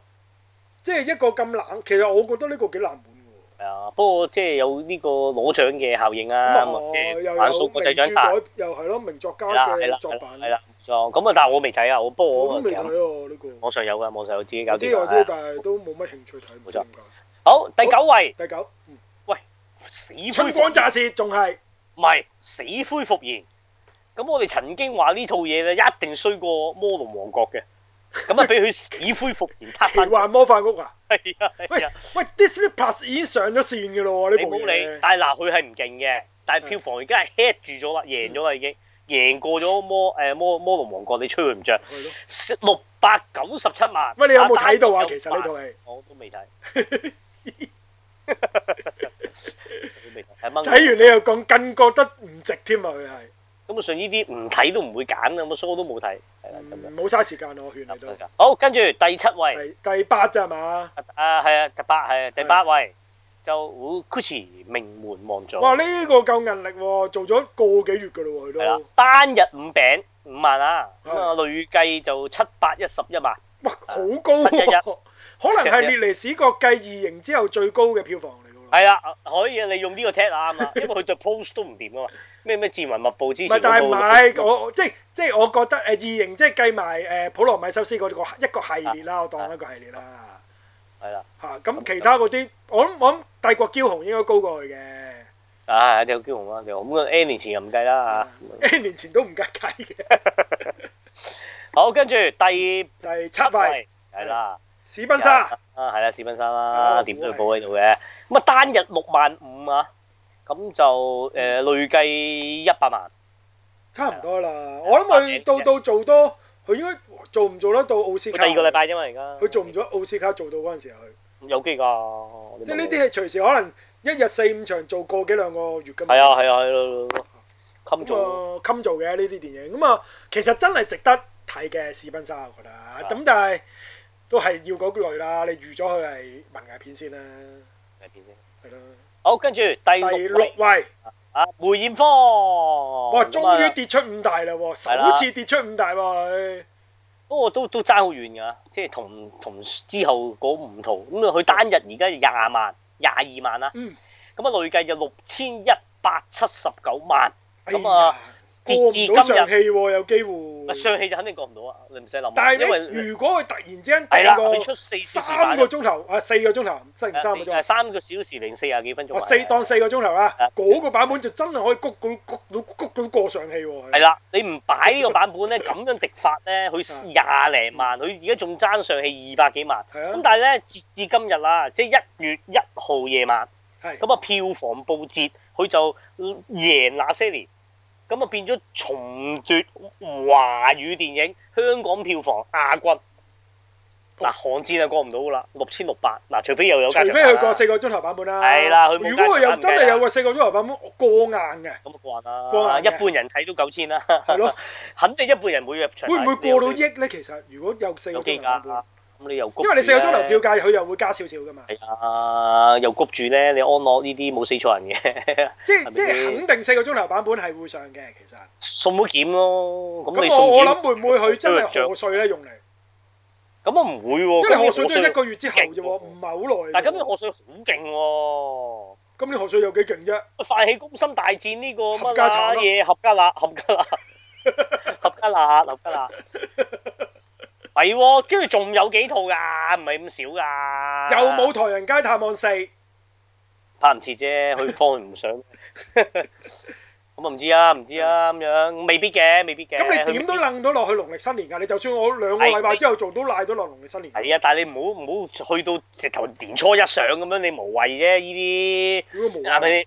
即係一個咁冷，其實我覺得呢個幾難滿喎。係啊，不過即係有呢個攞獎嘅效應啊，咁啊，眼熟國際獎大。又係咯，名作家嘅作品。係啦，係啦，係啦，咁啊，但係我未睇啊，我不過我未睇喎呢個。網上有㗎，網上有自己搞。知我知，但係都冇乜興趣睇。冇錯。好，第九位。第九。嗯。死灰復燃，咁我哋曾經話呢套嘢咧一定衰過《魔龍王國》嘅，咁啊，俾佢死灰復燃，拍奇幻魔法屋啊，係啊，喂喂 Disney Plus 已經上咗線嘅咯，你呢部，但係嗱，佢係唔勁嘅，但係票房已經係 hit 住咗啦，贏咗啦已經，贏過咗魔誒魔魔龍王國，你吹佢唔着。六百九十七萬，喂，你有冇睇到啊？其實呢套戲，我都未睇。睇 <music> 完你又講，更覺得唔值添啊、嗯！佢係咁啊，所以呢啲唔睇都唔會揀啦，咁所以我都冇睇。係啦，冇嘥時間我勸你都。好，跟住第七位。第八啫係嘛？啊係啊，第八係、啊、第，是第八位，就 Gucci 名、呃、門望族。哇！呢、這個夠銀力喎、喔，做咗個幾月噶啦，佢、喔、都。係啦，單日五餅五萬啊，咁啊是、嗯、累計就七百一十一萬。哇！好高啊！一一一可能係列尼斯國計二型之後最高嘅票房嚟。係啦，可以啊你用呢個 tag 啊 <laughs> 嘛，因為佢對 p o s t 都唔掂噶嘛。咩咩字文密布之前。但係唔係我即即係我覺得誒異形，即係計埋誒普羅米修斯嗰個一個系列啦，啊、我當一個系列啦。係啦、啊。嚇、啊，咁其他嗰啲那我諗我諗帝國驕雄應該高過佢嘅。啊，帝國驕雄啦，驕雄咁 N 年前又唔計啦嚇。N 年前都唔計計嘅。好，跟住第第七位。係啦。史賓沙啊，係啦，史賓沙啦，點都要保喺度嘅。咁啊，單日六萬五啊，咁就誒累計一百萬，差唔多啦。我諗佢到到做多，佢應該做唔做得到奧斯卡？我第二個禮拜啫嘛，而家佢做唔做奧斯卡做到嗰陣時啊，佢有機㗎。即係呢啲係隨時可能一日四五場做個幾兩個月咁。係啊係啊係啊，襟做襟做嘅呢啲電影，咁啊其實真係值得睇嘅史賓沙，我覺得。咁但係。都係要嗰類啦，你預咗佢係文藝片先啦。文藝片先。係咯了。好，跟住第六位，第六位啊，梅艷芳。哇，終於跌出五大啦，麼首次跌出五大喎佢。不過了都都爭好遠㗎，即係同同之後嗰五套咁啊，佢單日而家廿萬、廿二萬啦。咁啊，累計就六千一百七十九萬。哎呀！啊截至今日，戲有機會。上戲就肯定過唔到啊！你唔使諗。但係咧，如果佢突然之間、嗯，係啦，你出四三個鐘頭啊，四個鐘頭，七三個鐘。係三個小時零四廿幾分鐘。四當四個鐘頭啊！嗰個，的個版本就真係可以谷到谷到谷到過上戲喎。係啦的，你唔擺呢個版本咧，咁 <laughs> 樣滴發咧，佢廿零萬，佢而家仲爭上戲二百幾萬。咁的但係咧，截至今日啦，即係一月一號夜晚。係。咁啊，票房報捷，佢就贏那些年。咁啊變咗重奪華語電影香港票房亞軍。嗱、啊、寒戰過 6, 600，啊過唔到噶啦，六千六百。嗱，除非又有，除非佢過四個鐘頭版本啦、啊。係啦，如果佢有真係有個四個鐘頭版本，過硬嘅。咁就過硬啦，過硬。一半人睇到九千啦。係咯的。 <laughs> 肯定一半人每會入場。會唔會過到億咧？其實如果有四個鐘因為你四個鐘頭票價，佢又會加少少噶嘛。係啊，又谷住咧，你安樂呢啲冇死錯人嘅。即係即係肯定四個鐘頭版本係會上嘅，其實。送杯劍咯。咁我我諗會唔會佢真係賀歲咧用嚟？咁我唔會喎。因為賀歲都一個月之後啫喎，唔係好耐。但今年賀歲好勁喎。今年賀歲有幾勁啫？《廢氣攻心大戰》呢個乜嘢合嘢，闔家辣，闔家辣，闔家辣，闔家辣。係喎，跟住仲有幾套㗎，唔係咁少㗎。又冇《唐人街探案四》拍唔切啫，佢方佢唔想。咁啊唔知啊，唔知啊咁樣，未必嘅，未必嘅。咁你點都掟到落去農曆新年㗎？你就算我兩個禮拜之後做到賴到落農曆新年。係啊，但係你唔好唔好去到直頭年初一上咁樣，你無謂啫呢啲。如果冇啊。啱啲。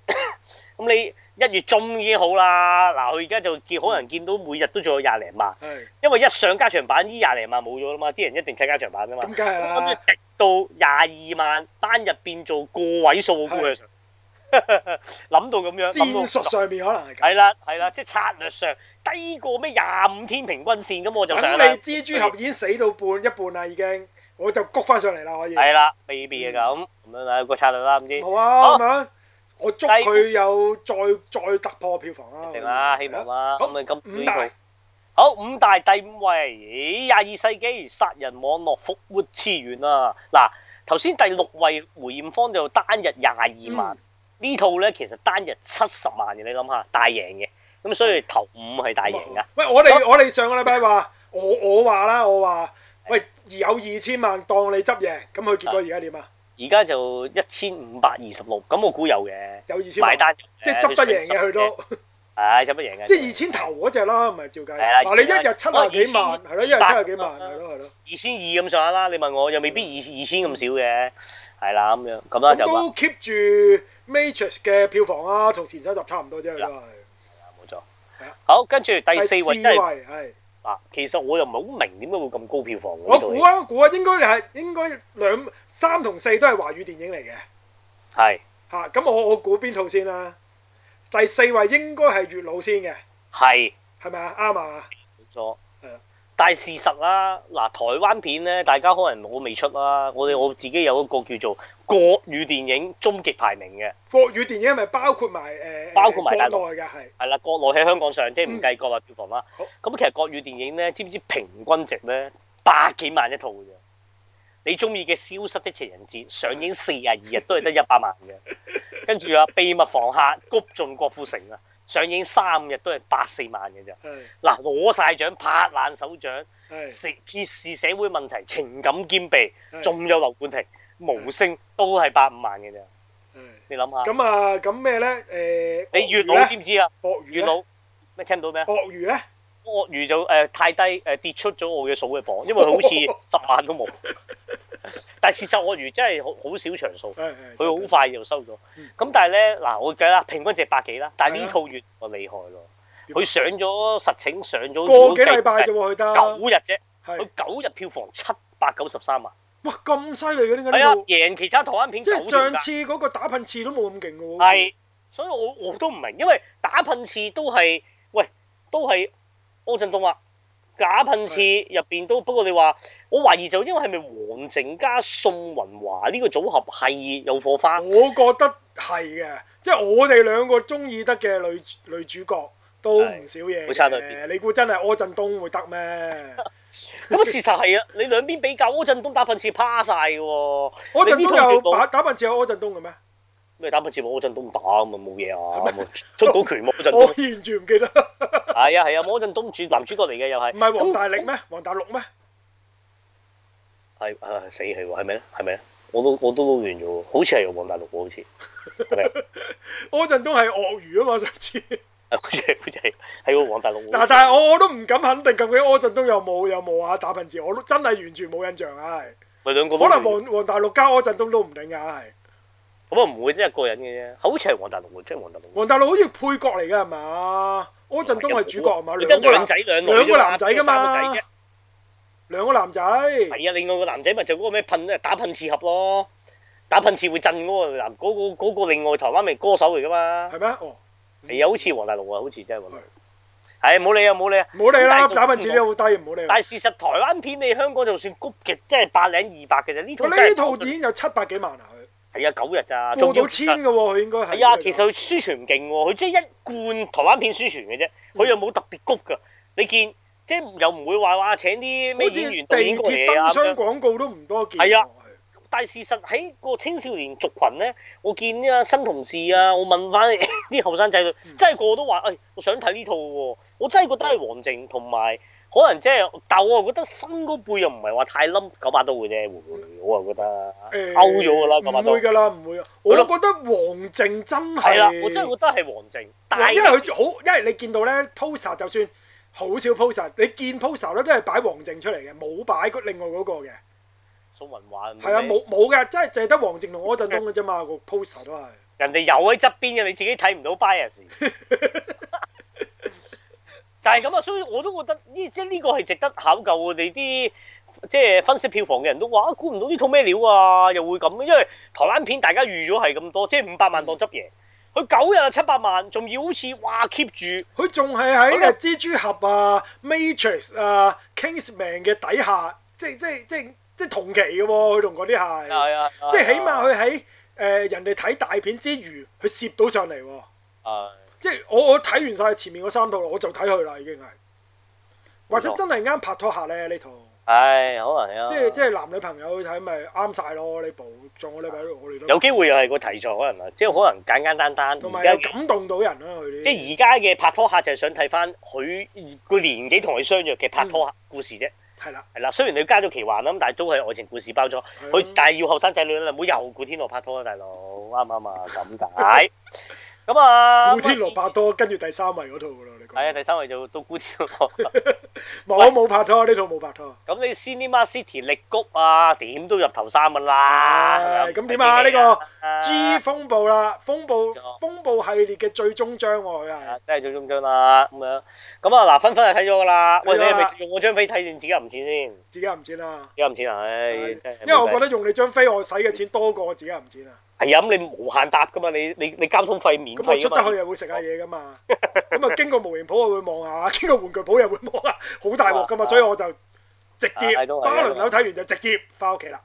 咁你一月中已經好啦，嗱佢而家就見，可能見到每日都做咗廿零萬，是因為一上加長版呢廿零萬冇咗啦嘛，啲人一定睇加長版噶嘛，咁梗係啦，跟住跌到廿二萬，單日變做個位數嘅，諗的 <laughs> 到咁樣，戰術上面可能係咁，係啦係啦，即係、就是、策略上低過咩廿五天平均線，咁我就想你蜘蛛俠已經死到半一半啦已經，我就谷翻上嚟啦可以，係啦，baby 咁咁、嗯、樣啦個策略啦唔知，好啊咁樣。啊啊我祝佢有再再突破票房啦！一定啦、啊，希望啦。咁啊，咁五大好，五么大，大第五位，廿、哎、二世紀殺人網絡復活次元啊！嗱，頭先第六位梅艷芳就單日廿二萬，嗯、套呢套咧其實單日七十萬嘅，你諗下大贏嘅。咁所以頭五係大贏噶、嗯。喂，我哋剛我哋上個禮拜話，我我話啦，我話喂，有二千萬當你執贏，咁佢結果而家點啊？而家就一千五百二十六，咁我估有嘅，有二千買單即係執得贏嘅佢都，唉，執得贏嘅，即係二千頭嗰隻啦，唔係照計，係啦你一日七百幾萬，係咯，一日七百幾萬，係咯係咯，二千二咁上下啦，你問我又未必二二千咁少嘅，係啦咁樣，咁啦就，都 keep 住 Matrix 嘅票房啊，同前手集差唔多啫，佢都係，係冇錯，好，跟住第四位，第四位係，啊，其實我又唔係好明點解會咁高票房，我估啊估啊，應該係應該兩。三同四都係華語電影嚟嘅，係嚇咁我我估邊套先啦、啊？第四位應該係月老先嘅，係係咪啊？啱啊！冇錯，嗯、但係事實啦，嗱，台灣片咧，大家可能我未出啦，我哋我自己有一個叫做國語電影終極排名嘅。國語電影咪包括埋誒？呃、包括埋大陸嘅，係。係啦，國內喺香港上、嗯、即係唔計國外票房啦。好，咁，其實國語電影咧，知唔知平均值咧？百幾萬一套嘅你中意嘅《消失的情人節》上映四日二日都係得一百萬嘅，跟住啊《秘密房客》谷盡郭富城啊，上映三日都係八四萬嘅咋，嗱攞晒獎拍爛手掌，食揭示社會問題、情感兼備，仲的有劉冠廷無聲都係八五萬嘅咋，的你諗下？咁啊，咁咩咧？誒、呃，你月老知唔知啊？月老，咩聽唔到咩？博魚咧？鱷魚就誒，太低，誒跌出咗我嘅數嘅榜，因為佢好似十萬都冇。但事實鱷魚真係好好少場數，佢好快就收咗。咁但係咧嗱，我計啦，平均值百幾啦。但係呢套月我厲害喎，佢上咗實情上咗個幾禮拜啫去得九日啫。佢九日票房七百九十三萬。哇！咁犀利嘅呢？係啊，贏其他台灣片。即係上次嗰個打噴嚏都冇咁勁嘅喎。係，所以我我都唔明，因為打噴嚏都係喂都係。柯震東話、啊、假噴嚏入邊都的不過你話我懷疑就因為係咪王靜加宋雲華呢個組合係有火花？我覺得係嘅，即係我哋兩個中意得嘅女女主角都唔少嘢。好差到邊？你估真係柯震東會得咩？咁 <laughs> 事實係啊， <laughs> 你兩邊比較，柯震東打噴嚏趴晒喎、啊。柯震東有打打噴嚏有柯震東嘅咩？咩打噴字？我柯震東打咁啊，冇嘢啊，出拳柯震東我完全唔記得。係啊係啊，柯、啊、震東主男主角嚟嘅又係。唔係王大力咩？王那大陸咩？係死氣喎，係咪咧？係、哎、咪我都我都都完咗好似係王大陸喎好似。 <laughs> Okay. 柯震東都係鱷魚啊嘛上次。 <laughs> <laughs> 啊好似係好似係王大陸。嗱但係我都唔敢肯定究竟柯震東有冇有冇啊打噴字，我都真係完全冇印象啊可能王王大陸加柯震東都唔定啊咁啊唔會真係個人嘅啫，好似係王大陸，即係王大陸。王大陸好似配角嚟㗎係嘛？柯震東係主角係嘛？兩個男仔兩個男仔嘅嘛？兩個男仔。係啊，另外個男仔咪就嗰個咩噴打噴射俠咯，打噴射會震嗰個男嗰個另外台灣咪歌手嚟㗎嘛？係咩？哦。係啊，好似王大陸啊，好似真係喎。係。係啊，冇理啊，冇理啊。冇理啦，打噴射你都好低，唔好理。但事實台灣片你香港就算谷極嘅，即係百零二百嘅啫，呢套真係，呢套電影有七百幾萬啊。係啊，九日咋，做到冇天嘅喎，佢應該係啊。的其實佢宣傳唔勁喎，佢即係一貫台灣片宣傳嘅啫，佢、嗯、又冇特別谷㗎。你見即係、就是、又唔會話話請啲咩演員代言嘅嘢啊咁樣。地鐵燈箱廣告都唔多見。係啊的，的但係事實喺個青少年族群咧，我見啲啊新同事啊，嗯、我問翻啲後生仔，嗯、真係個個都話誒、哎，我想睇呢套喎，啊。我真係覺得係王靜同埋。可能即、就、係、是、但我又覺得新嗰輩又唔係話太冧九把刀嘅啫，會唔會？我啊覺得勾咗㗎啦，九把刀。唔會㗎啦，唔會。麼我覺得王靖真係，啦，我真係覺得係王靖。但因為佢好，因為你見到咧，poster 就算好少 poster，你見 poster 咧都係擺王靖出嚟嘅，冇擺另外嗰個嘅。宋文華。係啊，冇冇嘅，真係淨係得王靖同柯震東嘅啫嘛， <laughs> 個 poster 都係。人哋有喺側邊嘅，你自己睇唔到 bias。 <laughs> 但係咁啊，所以我都覺得呢，即係呢個係值得考究。我哋啲即係分析票房嘅人都話估唔到呢套咩料啊，又會咁。因為台灣片大家預咗係咁多，即係五百萬當執嘢。佢九日啊七百萬，仲要好似哇 keep 住，佢仲係喺蜘蛛俠啊、Matrix 啊、King’s Man 嘅底下，即係即係即係即係同期嘅喎、啊。佢同嗰啲係，啊啊、即係起碼佢喺誒人哋睇大片之餘，佢攝到上嚟喎、啊。啊即係我我睇完晒前面嗰三套，我就睇佢啦，已經係。或者真係啱拍拖客咧呢套。唉，可能係啊。即係即係男女朋友去睇咪啱晒咯，你部，做個禮拜都我哋都的有機會又係個題材可能啊，即係可能簡簡單單。同埋又感動到人啦，佢啲。即係而家嘅拍拖客就係想睇翻佢個年紀同佢相約嘅拍拖客故事啫。係啦、嗯，係啦，雖然你加咗奇幻啦，但係都係愛情故事包裝。佢的的但係要後生仔女咧，唔好又古天樂拍拖啊，大佬，啱唔啱啊？咁解。 <laughs> 咁啊，古天樂拍拖，跟住第三位嗰套噶啦，你講。係啊，第三位就到古天樂。冇冇拍拖，啊，呢套冇拍拖。咁你《Cinema City 力谷》啊，點都入頭三噶啦。係，咁點啊？呢個《G 風暴》啦，《風暴》《風暴》系列嘅最終章喎，佢係。真係最終章啦，咁樣。咁啊，嗱，分分係睇咗噶啦。喂，你係咪用我張飛睇定自己又唔錢先？自己又唔錢啦。自己唔錢啊？唉，因為我覺得用你張飛，我使嘅錢多過自己又唔錢啊。係呀，咁你無限搭噶嘛？你你你交通費免費啊嘛，咁出得去又會食下嘢噶嘛，咁啊 <laughs> 經過模型鋪又會望下，經過玩具鋪又會望下，好大鑊噶嘛，啊、所以我就直接巴倫樓睇完就直接翻屋企啦。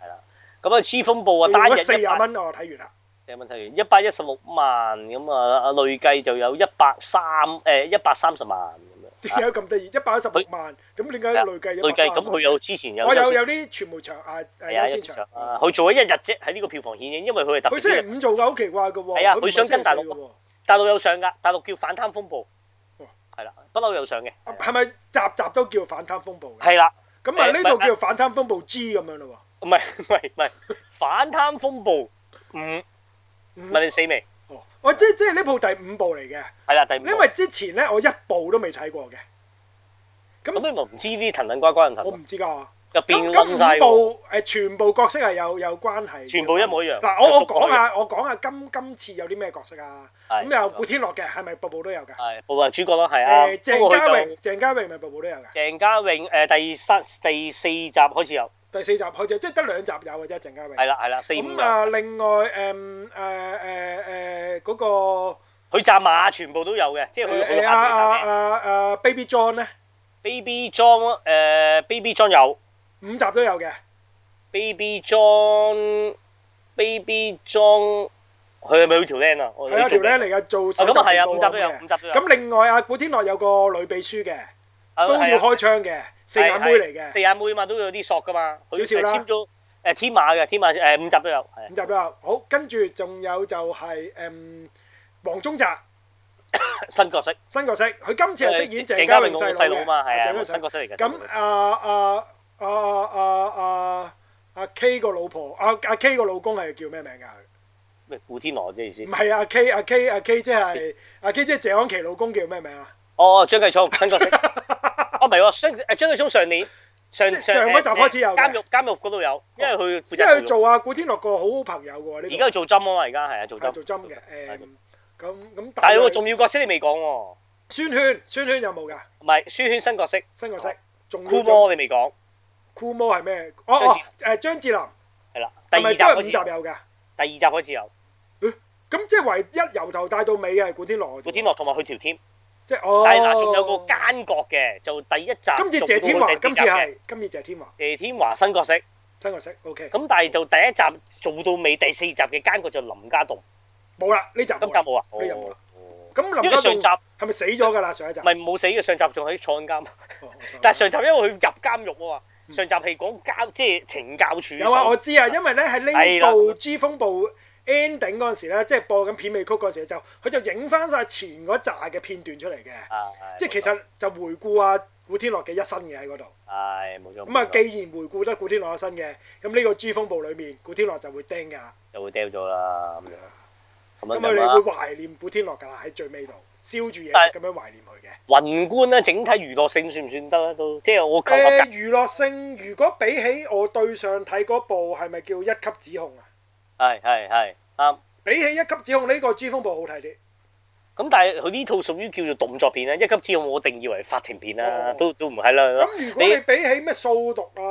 係啦，咁啊《G 風暴》啊，o, 單日四廿蚊，我睇完啦。四廿蚊睇完，一百一十六萬，咁啊，累計就有一百三，誒一百三十萬。點解咁低？一百一十六萬，咁點解累計累計咁佢有之前有。我有有啲全部場啊，有千場。啊，佢做咗一日啫，喺呢個票房獻映，因為佢係特別。佢星期五做㗎，好奇怪㗎喎。係啊，佢想跟大陸。大陸有上㗎，大陸叫《反貪風暴》。係啦，不嬲有上嘅。係咪集集都叫《反貪風暴》？係啦，咁啊呢度叫《反貪風暴 G》咁樣咯喎。唔係唔係唔係。反貪風暴五，問你死未？我即即係呢部第五部嚟嘅，係啦第五。因為之前咧，我一部都未睇過嘅，咁咁你咪唔知呢啲藤藤瓜瓜唔神。我唔知㗎喎。就變咗咁。咁五部誒全部角色係有有關係。全部一模一樣。嗱，我我講下我講下今今次有啲咩角色啊？咁又古天樂嘅係咪部部都有㗎？係部啊主角咯係啊。誒鄭嘉穎，鄭嘉穎咪部部都有㗎。鄭嘉穎誒第二三第四集開始有。第四集好似即係得兩集有嘅啫，一陣間。係啦，係啦，四五咁啊，另外誒誒誒誒嗰個。佢扎馬全部都有嘅，即係佢啊啊啊啊！Baby John 咧。Baby John，誒，Baby John 有。五集都有嘅。Baby John，Baby John，佢係咪有條靚啊？佢條靚嚟㗎，做咁啊係啊，五集都有，五集都有。咁另外啊，古天樂有個女秘書嘅，都要開槍嘅。四眼妹嚟嘅，四眼妹嘛都有啲索噶嘛，佢就簽咗誒天馬嘅，天馬誒五集都有，五集都有。好，跟住仲有就係誒黃宗澤 <laughs> 新角色，色，新角色，佢今次係飾演鄭嘉穎嘅細佬啊嘛，係啊，新角色嚟嘅。咁阿阿阿阿阿阿 K 個老婆，阿阿 K 個老公係叫咩名㗎？咩古天樂即意思？唔係阿 K，阿、啊、K，阿、啊、K 即係阿 K 即係謝安琪老公叫咩名啊？ <laughs> 哦，張繼聰新角色。 <laughs> 哦，唔係喎，張繼聰上年上上嗰集開始有監獄，監獄嗰度有，因為佢負責。因為佢做啊古天樂個好朋友喎，而家佢做針啊嘛，而家係啊做針。做針嘅，誒咁咁。但係佢個重要角色你未講喎。宣萱，宣萱有冇㗎？唔係宣萱，新角色。新角色。酷魔你未講？酷魔係咩？哦，誒張智霖係啦。第二集五集有㗎。第二集開始有。咁即係唯一由頭帶到尾嘅係古天樂。古天樂同埋佢條添。即係哦，係啦，仲有個奸角嘅，就第一集今次謝天華，今次係今次謝天華。謝天華新角色。新角色，OK。咁但係就第一集做到尾第四集嘅奸角就林家棟。冇啦，呢集今集冇啊？呢集冇。哦。咁林家棟上集係咪死咗㗎啦？上一集。咪冇死嘅，上集仲喺坐監。但係上集因為佢入監獄喎，上集係講教即係懲教處。有啊，我知啊，因為咧喺呢度。G 風暴》。ending 嗰陣時咧，即係播緊片尾曲嗰陣時，就佢就影翻晒前嗰一紮嘅片段出嚟嘅，即係其實就回顧啊古天樂嘅一生嘅喺嗰度。係冇、哎、錯。咁啊，既然回顧得古天樂嘅一生嘅，咁呢個 G 風暴裏面古天樂就會釘㗎啦。就會釘咗啦咁樣。咁樣啦。咁、嗯、你會懷念古天樂㗎啦，喺最尾度燒住嘢咁樣懷念佢嘅。宏觀咧、啊，整體娛樂性算唔算得咧都？即係我求、欸。得娛樂性如果比起我對上睇嗰部係咪叫一級指控啊？係係係，啱。比起一級指控，呢個 G 風暴好睇啲。咁但係佢呢套屬於叫做動作片咧，一級指控我定義為法庭片啦，都都唔係啦。咁如果你比起咩掃毒啊？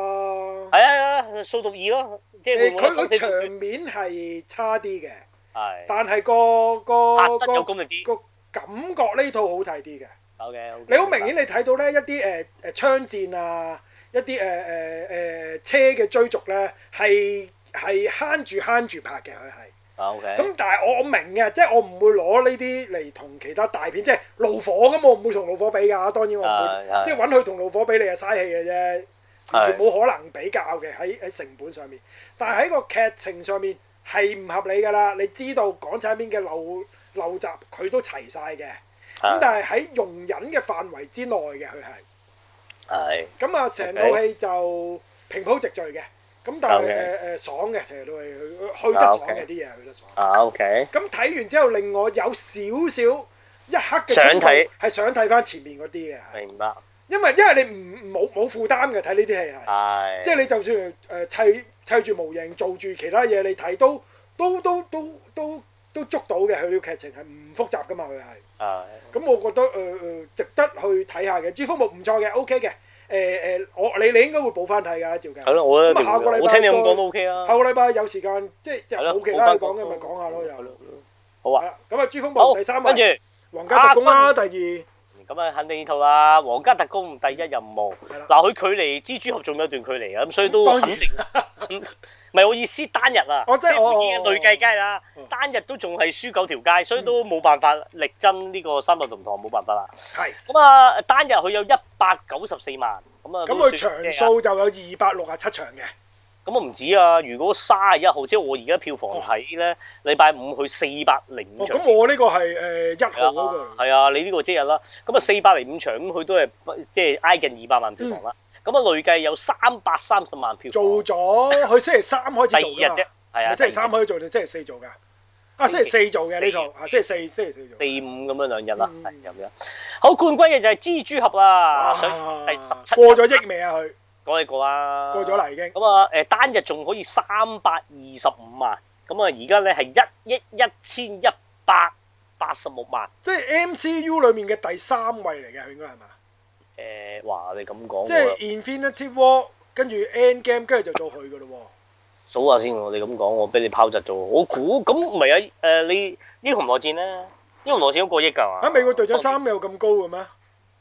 係啊，掃毒二咯，即係冇咁。佢場面係差啲嘅，係。但係個個有功力啲，個個感覺呢套好睇啲嘅。好嘅。你好明顯你睇到咧，一啲誒誒槍戰啊，一啲誒誒誒車嘅追逐咧係。係慳住慳住拍嘅佢係，咁 Okay. 但係我我明嘅，即係我唔會攞呢啲嚟同其他大片即係怒火咁，我唔會同怒火比㗎。當然我唔會，即係揾佢同怒火比你係嘥氣嘅啫，完全冇、uh, 可能比較嘅喺喺成本上面。但係喺個劇情上面係唔合理㗎啦。你知道港產片嘅陋陋習佢都齊晒嘅，咁、uh, 但係喺容忍嘅範圍之內嘅佢係，係咁啊成套戲就平鋪直敍嘅。咁但係誒誒爽嘅，其實都係去得爽嘅啲嘢，去得爽。啊，OK。咁睇完之後令我有少少一刻嘅想睇，係想睇翻前面嗰啲嘅。明白。因為因為你唔唔冇冇負擔嘅睇呢啲戲係，即係你就算誒砌砌住模型做住其他嘢你睇都都都都都都捉到嘅，佢條劇情係唔複雜噶嘛佢係。啊。咁我覺得誒誒值得去睇下嘅，G 風暴唔錯嘅，OK 嘅。誒誒，我你你應該會補翻睇㗎，趙記。係咯，我咁啊，我聽你咁講都 OK 啊。下個禮拜有時間，即係即係冇其他嘢講嘅，咪講下咯又。好啊。咁啊，《珠峰夢》第三位。好，跟住。《皇家特工》啊，第二。咁啊，肯定呢套啦，《皇家特工》第一任務。係啦。嗱，佢距離《蜘蛛俠》仲有一段距離啊，咁所以都肯定。唔係我意思單日啊，即係唔見累計梗係啦，單日都仲係輸九條街，所以都冇辦法力爭呢個三百同堂冇辦法啦。係。咁啊，單日佢有一百九十四萬，咁啊。咁佢場數就有二百六啊七場嘅。咁我唔止啊，如果三十一號，即係我而家票房睇咧，禮拜五去四百零五場。咁我呢個係誒一號嗰個。係啊，你呢個即日啦。咁啊，四百零五場，咁佢都係即係挨近二百萬票房啦。咁啊，累計有三百三十萬票。做咗，佢星期三開始。第二日啫。係啊。星期三可以做定星期四做㗎？啊，星期四做嘅，呢做。啊，星期四，星期四做。四五咁樣兩日啦，係兩日。好，冠軍嘅就係蜘蛛俠啦。第十七。過咗億未啊佢？講起個啊。過咗啦已經。咁啊，誒單日仲可以三百二十五萬。咁啊，而家咧係一億一千一百八十六萬。即係 MCU 裏面嘅第三位嚟嘅，佢應該係嘛？誒，話、呃、你咁講，即係 Infinity War，跟住 End Game，跟住就到佢噶咯。數下 <laughs> 先，我哋咁講，我俾你拋窒咗。我估咁唔係啊，誒、呃、你呢場羅戰咧？呢場羅戰好過億噶嘛？啊，美國隊長三有咁高嘅咩？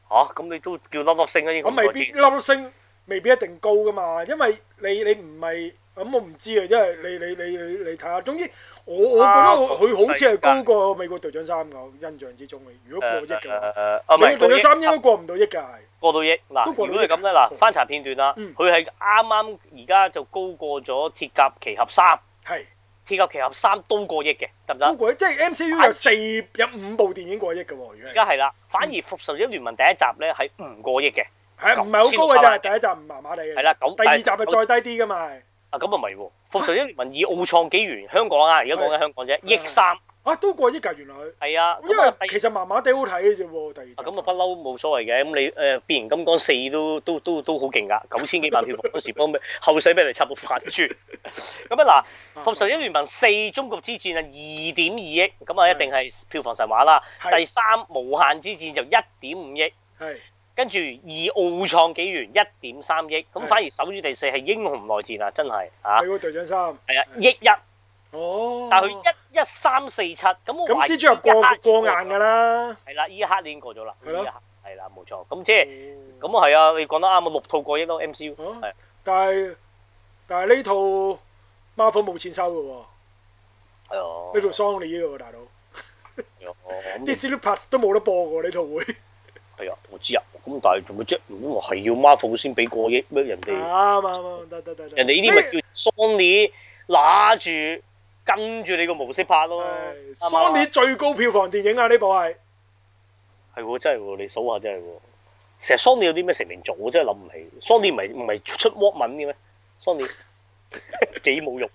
吓，咁你都叫粒粒星啊？呢個羅戰？我未必粒粒星，未必一定高噶嘛。因為你你唔係咁，我唔知啊。因為你你你你睇下，總之。我我覺得佢好似係高過美國隊長三我印象之中嘅，如果過億嘅，美國隊長三應該過唔到億㗎係。過到億，嗱，如果係咁咧，嗱，翻查片段啦，佢係啱啱而家就高過咗鐵甲奇俠三。係。鐵甲奇俠三都過億嘅，得唔得？即係 MCU 有四有五部電影過億嘅喎，原來。而家係啦，反而復仇者聯盟第一集咧係唔過億嘅。係啊，唔係好高㗎啫，第一集麻麻地嘅。係啦，第二集係再低啲㗎嘛。啊咁啊唔係喎，《復仇者聯盟二》奧創紀元香港啊，而家講緊香港啫，億三啊都過億㗎原來佢。係啊，因為其實麻麻地好睇嘅啫喎，第二，咁啊不嬲冇所謂嘅，咁你誒《變形金剛四》都都都都好勁噶，九千幾萬票房，嗰時幫咩後世俾人插到反轉，咁啊嗱，《復仇者聯盟四：中國之戰》啊二點二億，咁啊一定係票房神話啦，第三《無限之戰》就一點五億。係。跟住二奧創紀元一點三億，咁反而守住第四係英雄內戰啊！真係嚇，佢個隊長三，係啊億一哦，但係佢一一三四七，咁我唔係咁知，咁蜘蛛過過眼㗎啦，係啦，呢一刻已經過咗啦，係咯，係啦，冇錯，咁即係咁我係啊，你講得啱啊，六套過億咯 M C U，係，但係但係呢套 Marvel 冇錢收嘅喎，係哦，呢套 Sony 呢個大佬，哦，Disney Plus 都冇得播嘅喎呢套會。係啊，我知啊，咁但係做咪啫？如果我係要 Marvel 先俾個億咩？人哋啱啱啱啱啱啱， <noise> 對對對對人哋呢啲咪叫 Sony，揦住跟住你個模式拍咯。對吧 Sony 最高票房電影啊，呢部係係喎，真係喎，你數下真係喎。成日 Sony 有啲咩成名作啊？我真係諗唔起。Sony 唔係唔係出沃文嘅咩？Sony 幾冇用。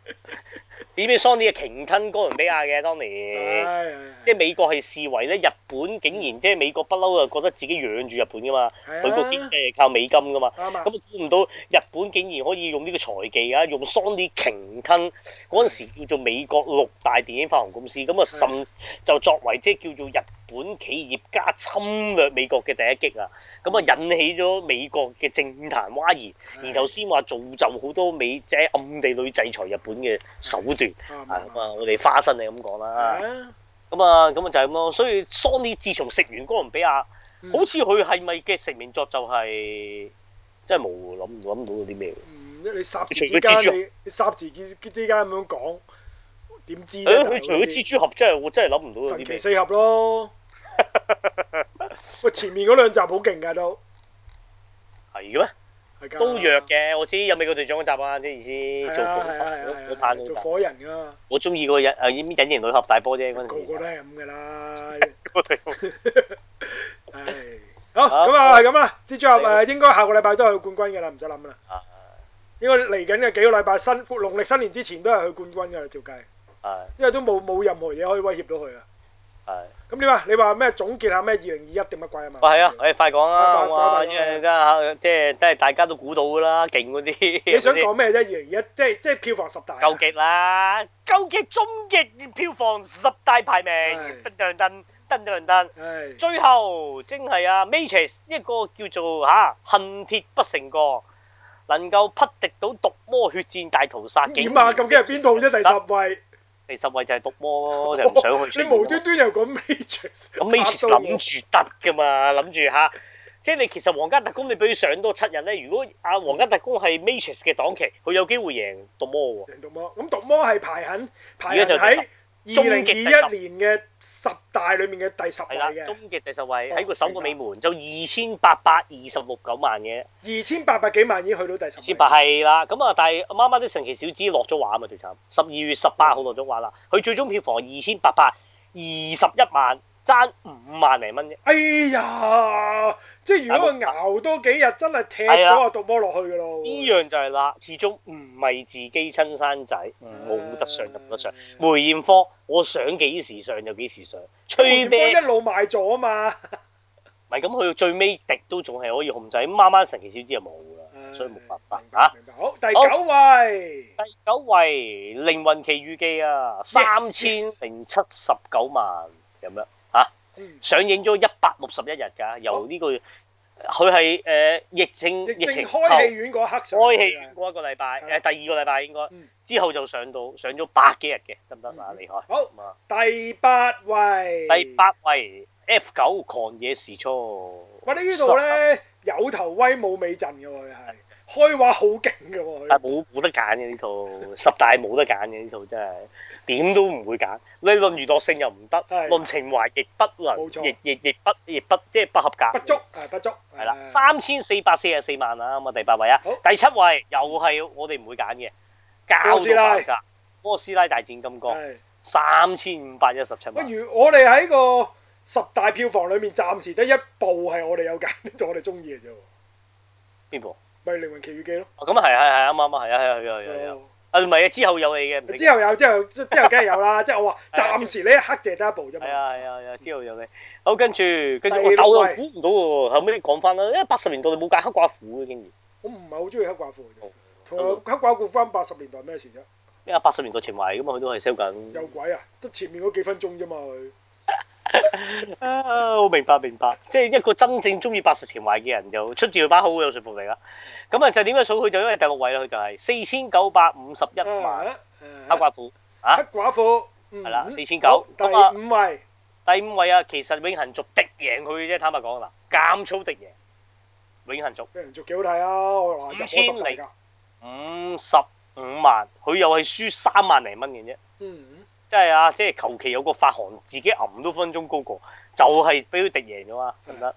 點解 Sony 啊，鯨吞哥倫比亞嘅當年，哎、呀即係美國係視為咧，日本竟然即係美國不嬲啊，覺得自己養住日本㗎嘛，佢、啊、個經濟係靠美金㗎嘛，咁啊估唔、嗯、到日本竟然可以用呢個財技啊，用 Sony 鯨吞嗰陣時叫做美國六大電影發行公司，咁啊就甚就作為即係叫做日本企業家侵略美國嘅第一擊啊，咁啊引起咗美國嘅政壇譁然，然後先話造就好多美，即暗地裏制裁日本嘅手段，咁啊我哋花生你咁講啦，咁啊咁啊就係咁咯，所以 Sony 自從食完哥倫比亞，好似佢係咪嘅成名作就係，真係冇諗諗到啲咩喎？嗯，你霎時之間你霎時之之間咁樣講。點知佢除咗蜘蛛俠真係，我真係諗唔到神奇四俠咯。喂，前面嗰兩集好勁㗎都。係嘅咩？都弱嘅，我知有美國隊長嗰集啊，即係意思做火人。做火人㗎。我中意嗰個隱隱形女俠大波啫嗰陣時。個個都係咁㗎啦。個個都。好咁啊，係咁啦。蜘蛛俠誒應該下個禮拜都係去冠軍㗎啦，唔使諗啦。係。應該嚟緊嘅幾個禮拜，新農曆新年之前都係去冠軍㗎啦，照計。因為都冇冇任何嘢可以威脅到佢啊。係。咁點啊？你話咩？總結下咩？二零二一定乜鬼啊嘛？哇，係啊！誒，快講啊！我依家即係都係大家都估到噶啦，勁嗰啲。你想講咩啫？二零二一即係即係票房十大。究極啦！究極終極票房十大排名，噔噔噔噔噔噔。係。最後正係啊，Matrix 一個叫做吓恨鐵不成鋼，能夠匹敵到《毒魔血戰大屠殺》。點啊？究竟係邊套啫？第十位。第十位就係毒魔咯，哦、就唔想去你無端端又講 Matrix？ <laughs> 嗯、我 Matrix 諗住得噶嘛，諗住吓。即係你其實《皇家特工》你俾佢上多七日咧，如果啊《皇家特工》係 Matrix 嘅檔期，佢有機會贏毒魔喎。贏毒魔，咁、嗯、毒魔係排緊，排緊喺。二零一年嘅十大裡面嘅第十位嘅，終極第十位喺個、哦、首個尾門的就二千八百二十六九萬嘅，二千八百幾萬已經去到第十位。千八係啦，咁啊，但係媽媽啲神奇小子落咗話啊嘛，了了的最唔十二月十八號落咗話啦，佢最終票房二千八百二十一萬。爭五萬零蚊啫！哎呀，即係如果佢熬多幾日，真係踢咗個毒魔落去㗎咯！呢樣就係啦，始終唔係自己親生仔，冇得上，就冇得上。梅艷芳，我想幾時上就幾時上，吹咩一路賣咗啊嘛！唔咁去到最尾滴都仲係可以控制，咁媽媽神奇小子就冇啦，所以冇辦法嚇。好，第九位，第九位《靈魂奇遇記》啊，三千零七十九萬咁樣。啊！上映咗一百六十一日㗎，由呢個月佢係誒疫情疫情，開戲院嗰刻，開戲院嗰一個禮拜，誒第二個禮拜應該之後就上到上咗百幾日嘅，得唔得啊？厲害！好，第八位，第八位，F 九狂野時速。哇！呢度咧有頭威冇尾陣嘅。佢係開畫好勁㗎喎。冇，冇得揀嘅呢套，十大冇得揀嘅呢套真係。點都唔會揀，你論娛樂性又唔得，論情懷亦不能，亦亦亦不亦不即係不合格，不足係不足，係啦，三千四百四十四萬啊，咁啊第八位啊，第七位又係我哋唔會揀嘅，教到爆炸，嗰個哥斯拉大戰金剛，三千五百一十七萬。不如我哋喺個十大票房裏面，暫時得一部係我哋有揀，我哋中意嘅啫。邊部？咪《靈魂奇遇記》咯。咁啊係係係啱啱係啊係啊係啊係啊。唔係啊，之後有你嘅。之後有，之後之後梗係有啦。即係 <laughs> 我話，暫時呢一刻借得一部啫。係啊係啊，之後有你。好，跟住跟住、哦、我估唔到喎。後尾你講翻啦，因為八十年代你冇揀黑寡婦嘅經驗。我唔係好中意黑寡婦嘅。哦、黑寡婦翻八十年代咩事啫？因啊？八十年代前位，咁啊，佢都係 sell 緊。有鬼啊！得前面嗰幾分鐘啫嘛。 <laughs> 啊，我明白明白，即係一個真正中意八十情懷嘅人，就出自佢把好嘅有說服力啦。咁啊、嗯，就點樣數佢就因為第六位啦，佢就係四千九百五十一萬黑、嗯嗯、寡婦啊，黑寡婦係啦，四千九。咁啊，第五位，第五位啊，其實永恆族敵贏佢啫，坦白講啦，咁粗敵贏永恆族。永恆族幾好睇啊，五千零五十五萬，佢又係輸三萬零蚊嘅啫。嗯嗯。即係啊！即係求其有個發行自己揞多分鐘高過，就係俾佢敵贏咗啊！得唔得？是的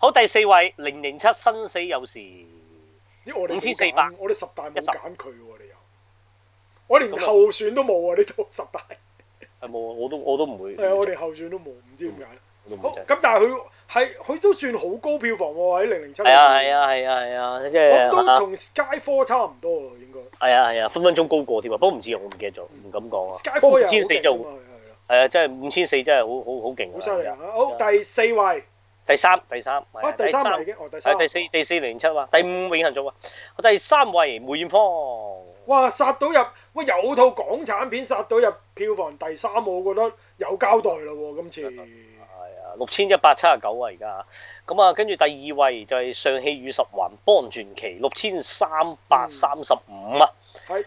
好，第四位零零七生死有時，咦，我哋五千四百十，我哋十大冇揀佢喎，你又我連候選都冇啊！呢麼套十大係冇啊！我都我都唔會係啊！ <laughs> 我哋候選都冇，唔知點解。嗯咁但係佢係佢都算好高票房喎喺零零七。係啊係啊係啊，即係。都同街科差唔多喎，應該。係啊係啊，分分鐘高過添啊，不過唔知，我唔記得咗，唔敢講啊。街科五千四就係啊，真係五千四真係好好好勁啊！好犀利好，第四位。第三第三，第三第四第四零七啊，第五永恆族啊，第三位梅艷芳。哇！殺到入喂有套港產片殺到入票房第三，我覺得有交代啦喎，今次。六千一百七十九啊，而家，咁啊，跟住第二位就係尚氣與十環幫傳奇，六千三百三十五啊，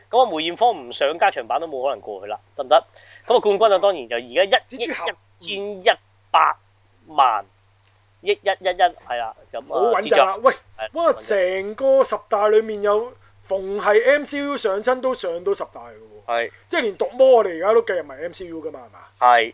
咁啊，梅艷芳唔上加長版都冇可能過去啦，得唔得？咁啊，冠軍啊，當然就而家一億一千一百萬億一一一係啦，咁啊，好穩陣啦，喂，哇，成個十大裡面有，逢係 MCU 上親都上到十大嘅喎，係，即係連毒魔我哋而家都計入埋 MCU 㗎嘛，係嘛？係。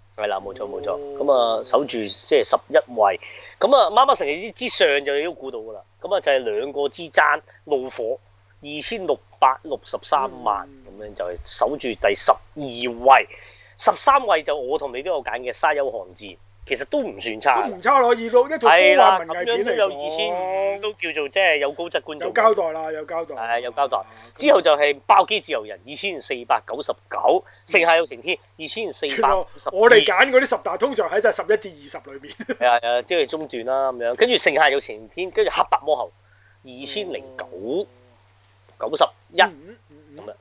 係啦，冇錯冇錯，咁、嗯、啊守住即係十一位。咁、嗯嗯、啊孖孖成日之之上就已經估到㗎啦，咁啊就係兩個之爭，怒火二千六百六十三萬咁樣就係守住第十二位，十三位就我同你都有揀嘅沙丘寒戰，其實都唔算差，唔差咯，二高一套科幻文藝片都有二千五，都叫做即係有高質觀眾有交代啦，有交代。係，有交代。啊、之後就係《爆機自由人》99，嗯，二千四百九十九，剩下有晴天，二千四百九十。我哋揀嗰啲十大，通常喺真係十一至二十裏面。係 <laughs> 啊，即係、就是、中段啦咁樣。跟住剩下有晴天，跟住《黑白魔猴》9, 91，嗯，二千零九九十一咁啊。嗯嗯嗯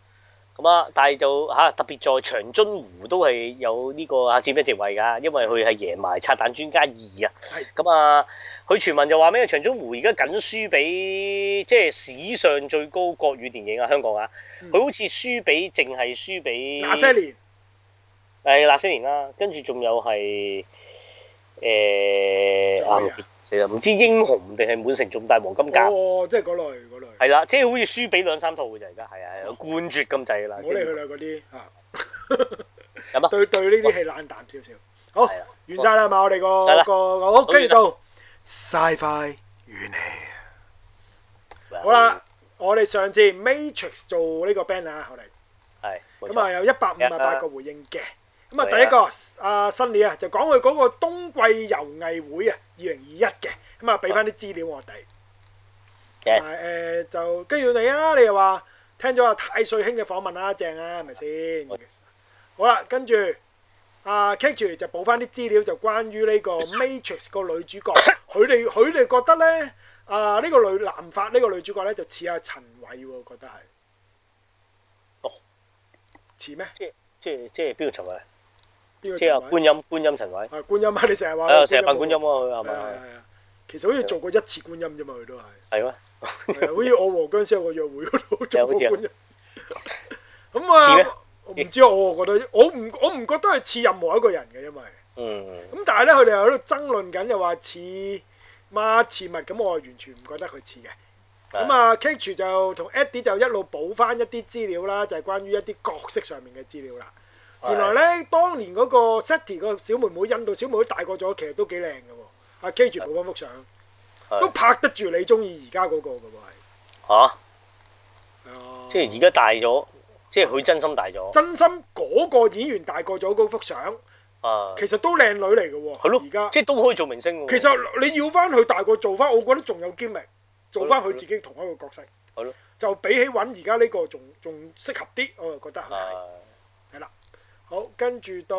咁啊，但係就嚇特別在長津湖都係有呢個啊佔一席位㗎、啊，因為佢係贏埋拆彈專家二啊。咁係啊，佢傳聞就話咩？長津湖而家僅輸俾即係史上最高國語電影啊，香港啊，佢、嗯、好似輸俾淨係輸俾那些年？誒那些年啦、啊？跟住仲有係。誒啱啱結成，唔知英雄定係滿城盡帶黃金甲。哦，即係嗰類嗰類。係啦，即係好似輸俾兩三套㗎啫，而家係啊係啊，冠絕咁滯啦。唔好理佢啦，嗰啲啊。咁啊，對對呢啲係冷淡少少。好，完曬啦嘛，我哋個個我跟住到。Sci-fi 與你。好啦，我哋上次 Matrix 做呢個 banner 啊，我哋。係。咁啊，有一百五十八個回應嘅。咁啊，第一個阿 Sunny 啊，Sunny, 就講佢嗰個冬季遊藝會 Yeah. 啊，二零二一嘅，咁啊，俾翻啲資料我哋。嘅，就跟住你啊，你又話聽咗阿太歲興嘅訪問啦，正啊，係咪先？Yeah. 好啦，跟住阿 Kik 住就補翻啲資料，就關於個 <laughs> 呢、啊呢個 Matrix 個女主角，佢哋佢哋覺得咧，啊呢個女男發呢個女主角咧就似阿陳偉喎，我覺得係。哦，似咩？即即即標陳偉。嗎即係觀音，觀音陳偉。啊，觀音啊！你成日話。啊，成日扮觀音啊！佢係咪？係啊係啊，其實好似做過一次觀音啫嘛，佢都係。係咩？好似我和僵屍有個約會嗰度做過觀音。咁啊，唔知我啊覺得，我唔我唔覺得係似任何一個人嘅，因為，嗯，咁但係咧，佢哋又喺度爭論緊，又話似媽似物，咁我完全唔覺得佢似嘅。咁啊，Kate 就同 Eddie 就一路補翻一啲資料啦，就係關於一啲角色上面嘅資料啦。原來咧，當年嗰個 Setty 個小妹妹，印度小妹妹大個咗，其實都幾靚嘅喎。阿 K 住嗰幅相，都拍得住你中意而家嗰個嘅喎，係嚇，即係而家大咗，即係佢真心大咗。真心嗰個演員大個咗嗰幅相，其實都靚女嚟嘅喎。係咯，而家即係都可以做明星喎。其實你要翻佢大個做翻，我覺得仲有機會做翻佢自己同一個角色。係咯，就比起揾而家呢個仲仲適合啲，我就覺得係。好，跟住到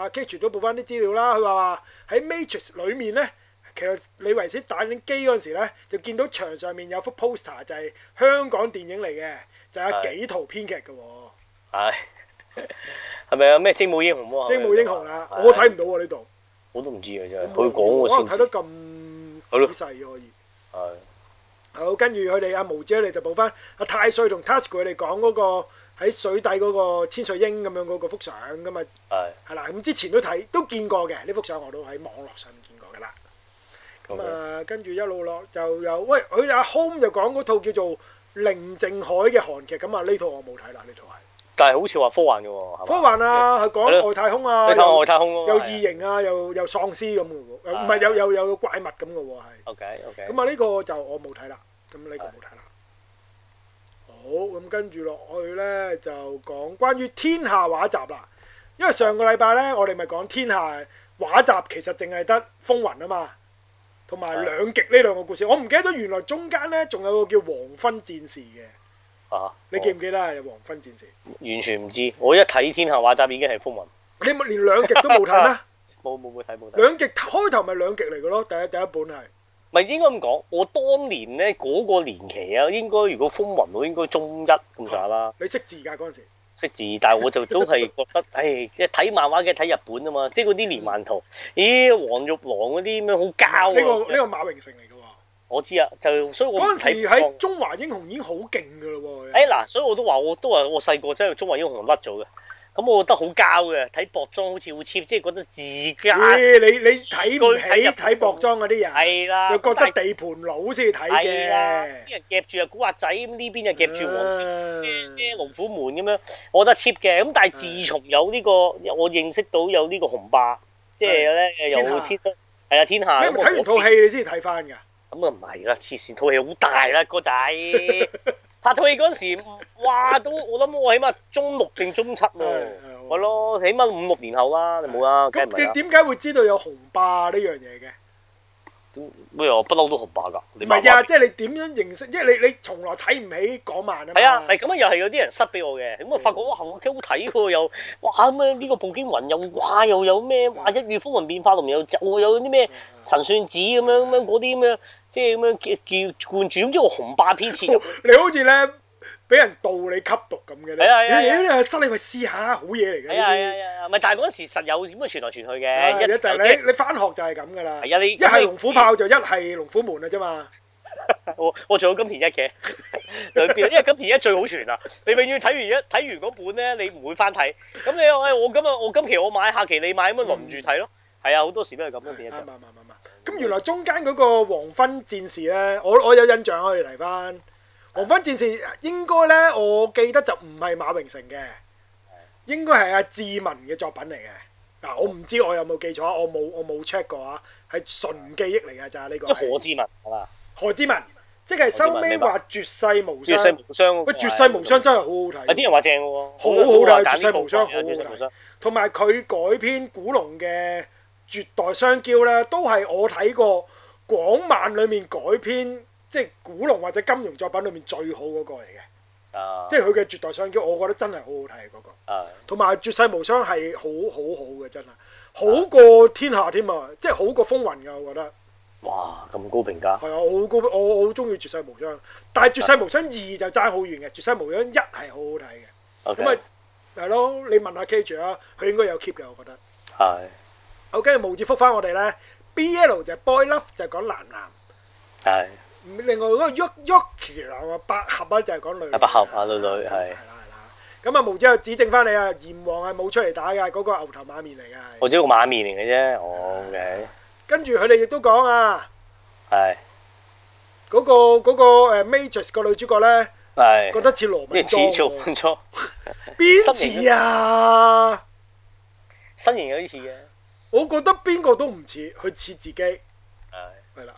阿 K 都補翻啲資料啦。佢話喺 Matrix 裏面咧，其實李維斯打緊機嗰陣時咧，就見到牆上面有幅 poster，就係香港電影嚟嘅，就係有幾套編劇嘅喎。係，係咪有咩《精武英雄》啊？精武英雄啊，我睇唔到喎呢度。我都唔知啊，真係。佢講我先知。我睇得咁細可以。係。好，跟住佢哋阿毛姐你就補翻阿太歲同 Tusk 佢哋講嗰個。喺水底嗰個千歲鷹咁樣嗰嗰幅相咁啊，係係啦，咁之前都睇都見過嘅呢幅相，我都喺網絡上面見過㗎啦。咁啊，跟住一路落就有喂，佢阿 Home 就講嗰套叫做《寧靜海》嘅韓劇。咁啊呢套我冇睇啦，呢套係。但係好似話科幻嘅喎，科幻啊，佢講外太空啊，又外太空，有異形啊，又有喪屍咁嘅，唔係有有有怪物咁嘅喎，係。OK，OK。咁啊呢個就我冇睇啦，咁呢個冇睇啦。好，咁跟住落去呢，就講關於天下畫集啦。因為上個禮拜呢，我哋咪講天下畫集，其實淨係得風雲啊嘛，同埋兩極呢兩個故事。啊、我唔記得咗原來中間呢仲有個叫黃昏戰士嘅。啊、你記唔記得啊？係黃昏戰士。完全唔知，我一睇天下畫集已經係風雲。你咪連兩極都冇睇咩？冇冇冇睇冇睇。兩極開頭咪兩極嚟嘅咯，第一第一本係。唔係應該咁講，我當年咧嗰、那個年期啊，應該如果風雲我應該中一咁上下啦。你識字㗎嗰陣時？識字，但係我就都係覺得，唉、 <laughs> 哎，即係睇漫畫嘅睇日本啊嘛，即係嗰啲連環圖，咦、哎，黃玉郎嗰啲咩好膠呢、啊嗯、個呢個馬榮成嚟㗎喎。我知啊，就所以我嗰陣時喺《中華英雄》已經好勁㗎嘞喎。誒嗱、哎，所以我都話我都話我細個真係《中華英雄》甩咗嘅。咁我覺得好膠嘅，睇薄裝好似好 cheap，即係覺得自家。你你睇佢，睇睇薄裝嗰啲人？係啦。又覺得地盤佬先睇嘅。係啦。啲人夾住啊古惑仔，咁呢邊就夾住黃仙龍虎門咁樣，我覺得 cheap 嘅。咁但係自從有呢個，我認識到有呢個紅霸，即係咧又會 cheap 得。係啊，天下。睇完套戲你先睇翻㗎。咁啊唔係啦，黐線套戲好大啦個仔。拍套戲嗰陣時，哇都我諗我起碼中六定中七喎，啊，係 <laughs> 咯，起碼五六年後啦，啊，你冇啦，啊，梗係唔係啦？咁點點解會知道有紅霸呢樣嘢嘅？咩？我不嬲都紅霸㗎。唔係啊，即係你點樣認識？即係你你從來睇唔起港漫啊。係啊，誒咁樣又係有啲人塞俾我嘅，咁我發覺哇，好幾好睇喎又。哇咁啊，呢、呢個步驚雲又哇又有咩？嗯、哇一遇風雲變化同有「又有啲咩神算子咁樣咁樣嗰啲咩？即係咁樣叫叫灌注，點知我紅霸偏前。 <laughs> 你好似咧。俾人盜你吸毒咁嘅咧，你你你係心理學師嚇，好嘢嚟嘅呢啲。咪但係嗰陣時實有咁樣傳來傳去嘅。係啊，但係你你翻學就係咁㗎啦。係啊，你一係龍虎豹就一係龍虎門啊啫嘛。我我做到金田一嘅，兩邊，因為金田一最好傳啊。你永遠睇完一睇完嗰本咧，你唔會翻睇。咁你話誒，我今日我今期我買，下期你買咁樣輪住睇咯。係啊，好多時都係咁樣變一隻。咁原來中間嗰個黃昏戰士咧，我我有印象啊，我哋嚟翻。黃昏戰士應該咧，我記得就唔係馬榮成嘅，應該係阿志文嘅作品嚟嘅。嗱、啊，我唔知我有冇記錯，我冇我冇 check 過啊，係純記憶嚟嘅咋呢個。何志文係嘛？何志文，即係收尾話絕世無雙。絕世無雙，喂，絕世無雙真係好好睇。啲人話正喎。好好睇，絕世無雙好。絕世無雙。同埋佢改編古龍嘅《絕代雙驕》咧，都係我睇過，過廣漫裡面改編。即係古龍或者金庸作品裏面最好嗰個嚟嘅，即係佢嘅《絕代、uh, 絕雙驕》好好 uh,，我覺得真係好好睇嗰個，同埋、uh,《絕世無雙》係好好好嘅真係，好過天下添啊，即係好過風雲㗎，我覺得。哇、uh, okay,！咁高評價。係啊，好高，我好中意《絕世無雙》，但係《絕世無雙二》就爭好遠嘅，《絕世無雙一》係好好睇嘅。咁啊，係咯，你問下 Kazu 啊，佢應該有 keep 嘅，我覺得。係。O K，毛子覆返我哋咧，B L 就係 Boy Love，就係講男男。係。Uh, 另外嗰個喐喐奇啊，百合啊，就係講女。啊，百合啊，女女係。係啦係啦。咁啊，無子又指證翻你啊，炎黃係冇出嚟打嘅，嗰個牛頭馬面嚟㗎係。我知個馬面嚟嘅啫，OK。跟住佢哋亦都講啊。係。嗰個嗰個誒 majors 個女主角咧，係覺得似羅敏莊。邊似啊？身形有啲似嘅。我覺得邊個都唔似，佢似自己。係。係啦。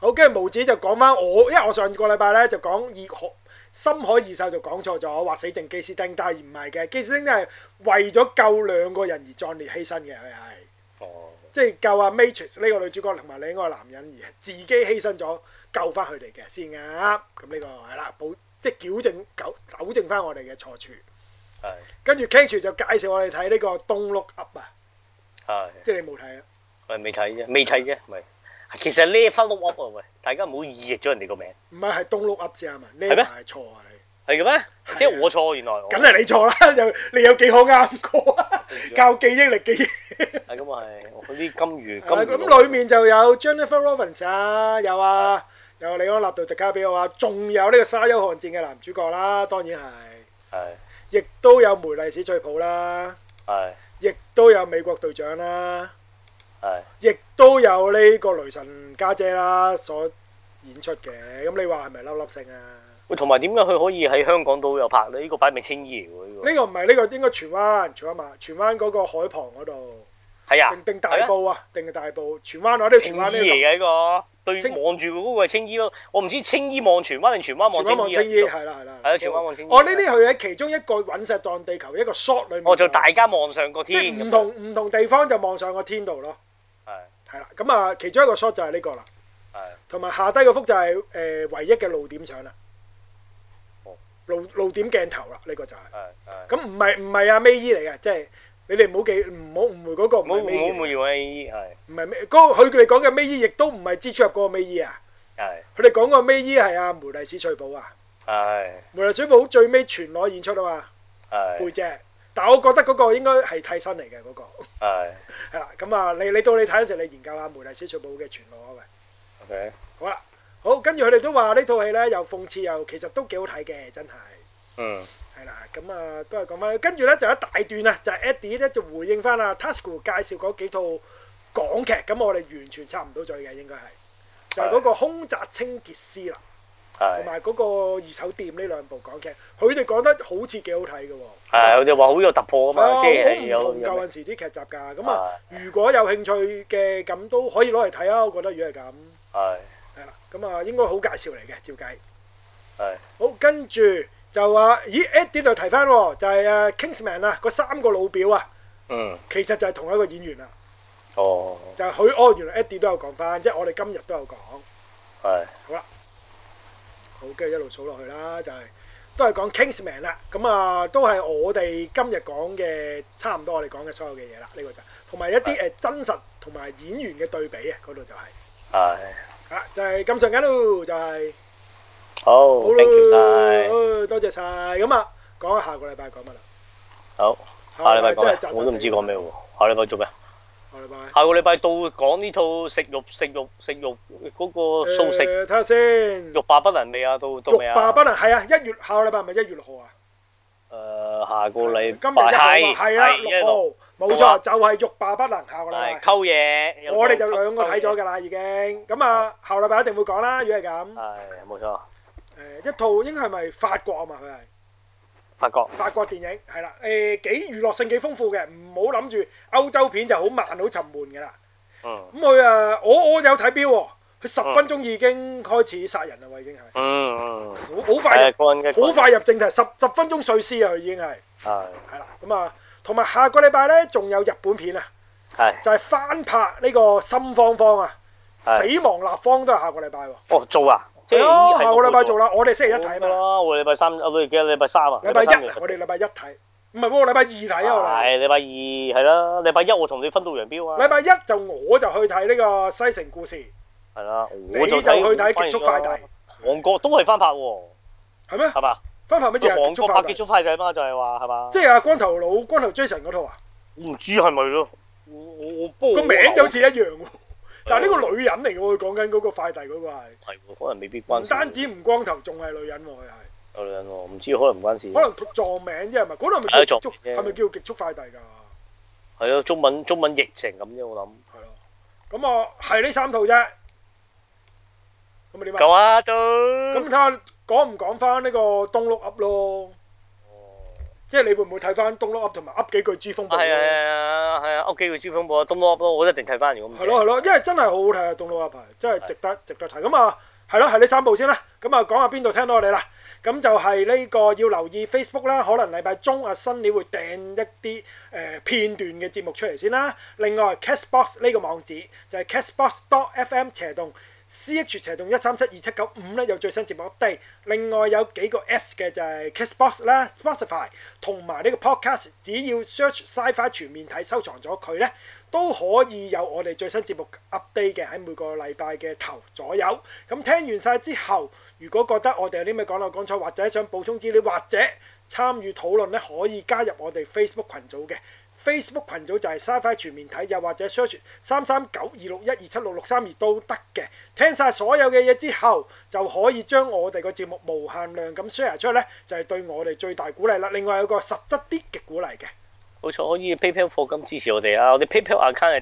好，跟住毛子就講翻我，因為我上個禮拜咧就講二可深海異獸就講錯咗，話死剩基斯丁，但係唔係嘅，基斯汀係為咗救兩個人而壯烈犧牲嘅，佢係，哦，即係救阿、啊、Matrix 呢個女主角，同埋另一個男人而自己犧牲咗救翻佢哋嘅先嘅，啊，咁、嗯、呢、這個係啦，補即係矯正糾糾正翻我哋嘅錯處，係的，跟住 Cage t 就介紹我哋睇呢個 Up, 的《Don't Look Up》啊，係的，即係你冇睇啊，我哋未睇啫，未睇嘅，未。其實呢分 look up 啊，喂，大家唔好意譯咗人哋個名。唔係係東 look up 啫嘛，呢個係錯啊你。係嘅咩？即係我錯原來。咁係你錯啦，又你有幾可啱過啊？靠記憶力嘅嘢。係咁又係，嗰啲金魚。咁裡面就有 Jennifer Lawrence 啊，有啊，有李安納度狄卡比奧啊，仲有呢個沙丘瀚戰嘅男主角啦，當然係。係。亦都有梅麗史翠普啦。係。亦都有美國隊長啦。亦都有呢個雷神家姐啦所演出嘅，咁你話係咪粒粒星啊？喂，同埋點解佢可以喺香港都有拍咧？呢個擺明青衣呢個。唔係呢個，應該荃灣，荃灣嘛，荃灣嗰個海旁嗰度。係啊。定定大埔啊，定係大埔，荃灣我啲荃灣呢度。青衣嚟嘅呢個，對望住嗰個係青衣咯。我唔知青衣望荃灣定荃灣望青衣。係啦係啦。荃灣望青衣。我呢啲佢喺其中一個《隕石撞地球》一個 shot 裏面。我做大家望上個天。唔同唔同地方就望上個天度咯。係，係啦，咁啊，其中一個 shot 就係呢個啦，係，同埋下低個幅就係誒唯一嘅露點相啦，露露露點鏡頭啦，呢個就係，係，咁唔係唔係阿 Maye 嚟嘅，即係你哋唔好記唔好誤會嗰個唔係唔好誤會咗 Maye，係，唔係 Maye 佢哋講嘅 Maye 亦都唔係蜘蛛俠嗰個 Maye 啊，係，佢哋講個 Maye 係阿梅麗史翠寶啊，係，梅麗史翠寶最尾全裸演出啊嘛，係，背脊。但我覺得嗰個應該係替身嚟嘅嗰個 s Mic <laughs> 、嗯，係啦，咁啊，你你到你睇嗰陣，你研究下梅麗史翠普嘅全路啊，喂，OK，好啦，好，跟住佢哋都話呢套戲咧，又諷刺又其實都幾好睇嘅，真係，mm. 嗯，係啦，咁啊都係講翻，跟住咧就一大段啊，就係 Eddie 咧就回應翻啊 Tasco 介紹嗰幾套港劇，咁我哋完全插唔到嘴嘅應該係，就係、是、嗰個凶宅清潔師啦。 <laughs> 同埋嗰個二手店呢兩部港劇，佢哋講得好似幾好睇嘅喎。係，佢哋話好有突破啊嘛，即係好唔同舊陣時啲劇集㗎。咁啊，如果有興趣嘅，咁都可以攞嚟睇啊。我覺得如果係咁，係係啦，咁啊，應該好介紹嚟嘅，照計。係。好，跟住就話，咦，Eddie 就提翻喎，就係誒 Kingsman 啊，嗰三個老表啊，嗯，其實就係同一個演員啦。哦。就係佢，哦，原來 Eddie 都有講翻，即係我哋今日都有講。係。好啦。好，跟住一路數落去啦，就係都係講 Kingsman 啦，咁啊都係我哋今日講嘅差唔多，我哋講嘅所有嘅嘢啦，呢個就同埋一啲誒真實同埋演員嘅對比啊，嗰度就係係啊，就係咁上下咯，就係好，Thank you 曬，多謝曬，咁啊，講下下個禮拜講乜啦？好，下禮拜講乜？我都唔知講咩喎，下禮拜做咩？下個禮拜到講呢套食肉食肉食肉嗰個素食。睇下先。肉罷不能未啊？到到未啊？肉罷不能係啊！一月下個禮拜咪一月六號啊？誒，下個禮拜係。今日一號係啊，六號冇錯，就係肉罷不能下禮拜啦。溝嘢。我哋就兩個睇咗㗎啦，已經。咁啊，下個禮拜一定會講啦，如果係咁。係，冇錯。誒，一套應該係咪法國啊嘛？佢係。法國，法國電影係啦，誒，幾娛樂性幾豐富嘅，唔好諗住歐洲片就好慢好沉悶㗎啦。嗯。咁佢誒，我我有睇錶，佢十分鐘已經開始殺人啦喎，已經係。嗯。好快入，好快入正題，十十分鐘碎屍啊，佢已經係。係。係啦，咁啊，同埋下個禮拜咧，仲有日本片啊，係，就係翻拍呢個《心慌慌》啊，《死亡立方》都係下個禮拜喎。哦，做啊！啊！下個禮拜做啦，我哋星期一睇啊嘛。我禮拜三，我記得禮拜三啊？禮拜一我哋禮拜一睇。唔係，我個禮拜二睇啊。係禮拜二，係啦。禮拜一我同你分道揚鑣啊。禮拜一就我就去睇呢個《西城故事》。係啦，我就去睇《極速快遞》。韓國都係翻拍喎。係咩？係嘛？翻拍乜嘢？韓國拍《極速快遞》嘛，就係話係嘛？即係阿光頭佬、光頭 Jason 嗰套啊？唔知係咪咯？我我我～個名就好似一樣喎。但係呢個女人嚟嘅喎，佢講緊嗰個快遞嗰個係。係喎，可能未必關。唔單止唔光頭，仲係女人喎，又係。有女人喎，唔知可能唔關事。可能撞名啫，係咪？嗰輪咪叫速，係咪叫極速快遞㗎？係咯，中文中文疫情咁啫，我諗。係咯。咁啊，係呢三套啫。咁啊點啊？夠啦都。咁睇下講唔講翻呢個 Don't Look Up 咯？即係你會唔會睇翻《Don't Look Up》同埋噏幾句，G 風暴》係啊係啊係啊！噏幾句《G 風暴》《Don't Look Up》我一定睇翻，如果唔係。係咯係咯，因為真係好好睇啊，《Don't Look Up》真係值得值得睇咁啊！係咯，係呢三部先啦，咁啊講下邊度聽到我哋啦，咁就係呢、這個要留意 Facebook 啦，可能禮拜中啊新年會訂一啲誒、呃、片段嘅節目出嚟先啦。另外 Castbox 呢個網址就係、是、Castbox.fm 斜洞。C.H. 斜洞一三七二七九五咧有最新節目 update。另外有幾個 Apps 嘅就係 Castbox 啦、Spotify 同埋呢個 Podcast。只要 search《SciFi 全面睇》收藏咗佢咧，都可以有我哋最新節目 update 嘅喺每個禮拜嘅頭左右。咁聽完晒之後，如果覺得我哋有啲咩講漏講錯，或者想補充資料或者參與討論咧，可以加入我哋 Facebook 群組嘅。Facebook 群組就係 SciFi 全面睇，又或者 search 三三九二六一二七六六三二都得嘅。聽晒所有嘅嘢之後，就可以將我哋個節目無限量咁 share 出嚟，就係對我哋最大鼓勵啦。另外有個實質啲嘅鼓勵嘅。冇錯，可以 PayPal 課金支持我哋啊！我哋 PayPal account 係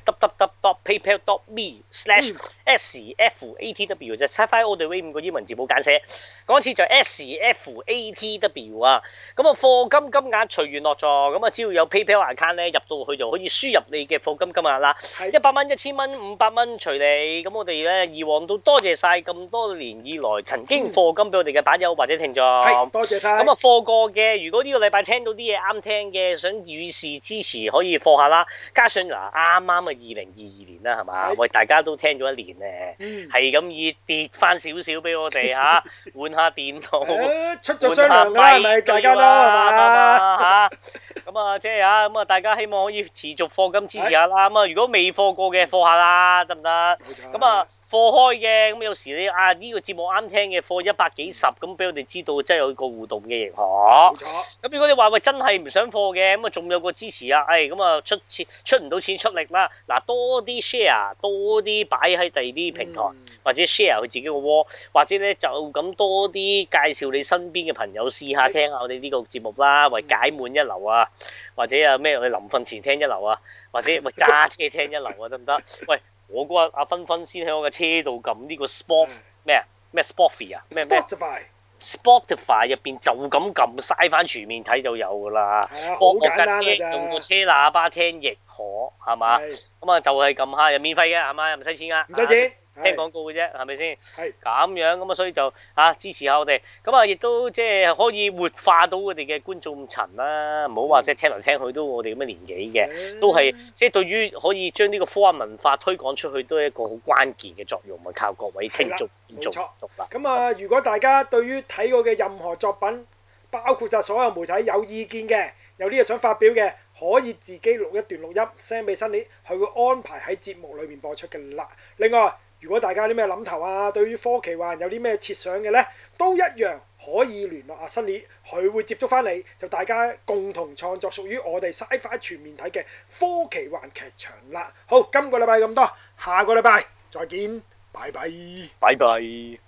www.paypal.me/sfatw d o 啫，SciFi All the Way 五個英文字母簡寫。嗰次就 sfatw 啊！咁啊課金金額隨緣落座，咁啊只要有 PayPal account 咧，入到去就可以輸入你嘅課金金額啦。一百蚊、一千蚊、五百蚊隨你。咁、啊、我哋咧以往都多謝晒咁多年以來曾經課、嗯、金俾我哋嘅版友或者聽眾。係，多謝曬。咁啊課過嘅，如果呢個禮拜聽到啲嘢啱聽嘅，想與事。支持可以課下啦，加上嗱啱啱啊二零二二年啦，係嘛？喂的，大家都聽咗一年咧，係咁易跌翻少少俾我哋嚇、啊，換下電腦，哎、出換下擺地基啦，係嘛嚇？咁啊，即係啊，咁啊，大家希望可以持續課金支持下啦。咁的啊，如果未課過嘅，課下啦，得唔得？咁啊。課開嘅，咁有時你啊呢個節目啱聽嘅，課一百幾十咁俾我哋知道，真係有個互動嘅形學。冇錯。咁如果你話喂真係唔想課嘅，咁啊仲有個支持啊，誒咁啊出錢出唔到錢出力啦，嗱多啲 share，多啲擺喺第二啲平台，嗯、或者 share 佢自己個窩，或者咧就咁多啲介紹你身邊嘅朋友試下聽下我哋呢個節目啦，為解滿一流啊，或者啊咩你臨瞓前聽一流啊，或者咪揸車聽一流啊得唔得？喂。我嗰日阿芬芬先喺我嘅車度撳呢個 sport 咩啊咩 Spotify r 啊咩咩 Spotify 入邊就咁撳曬翻全面睇就有㗎啦。啊、我我架車用個車喇叭聽亦可係嘛？咁啊是、嗯、就係、是、撳下又免費嘅係嘛？又唔使錢㗎，唔使錢。啊是聽廣告嘅啫，係咪先？係是。咁樣咁啊，所以就嚇、啊、支持下我哋，咁啊，亦都即係可以活化到我哋嘅觀眾層啦、啊。唔好話即係聽嚟聽去都我哋咁嘅年紀嘅，嗯、都係即係對於可以將呢個科幻文，文化推廣出去都係一個好關鍵嘅作用，咪靠各位聽眾嚟的錯做。咁啊，如果大家對於睇過嘅任何作品，包括就所有媒體有意見嘅，有呢個想發表嘅，可以自己錄一段錄音 send 俾辛尼，佢會安排喺節目裏面播出嘅啦。另外，如果大家有啲咩諗頭啊，對於科奇幻有啲咩設想嘅呢，都一樣可以聯絡阿辛尼，佢會接觸返你，就大家共同創作屬於我哋 SciFi 全面睇嘅科奇幻劇場啦。好，今個禮拜咁多，下個禮拜再見，拜拜，拜拜。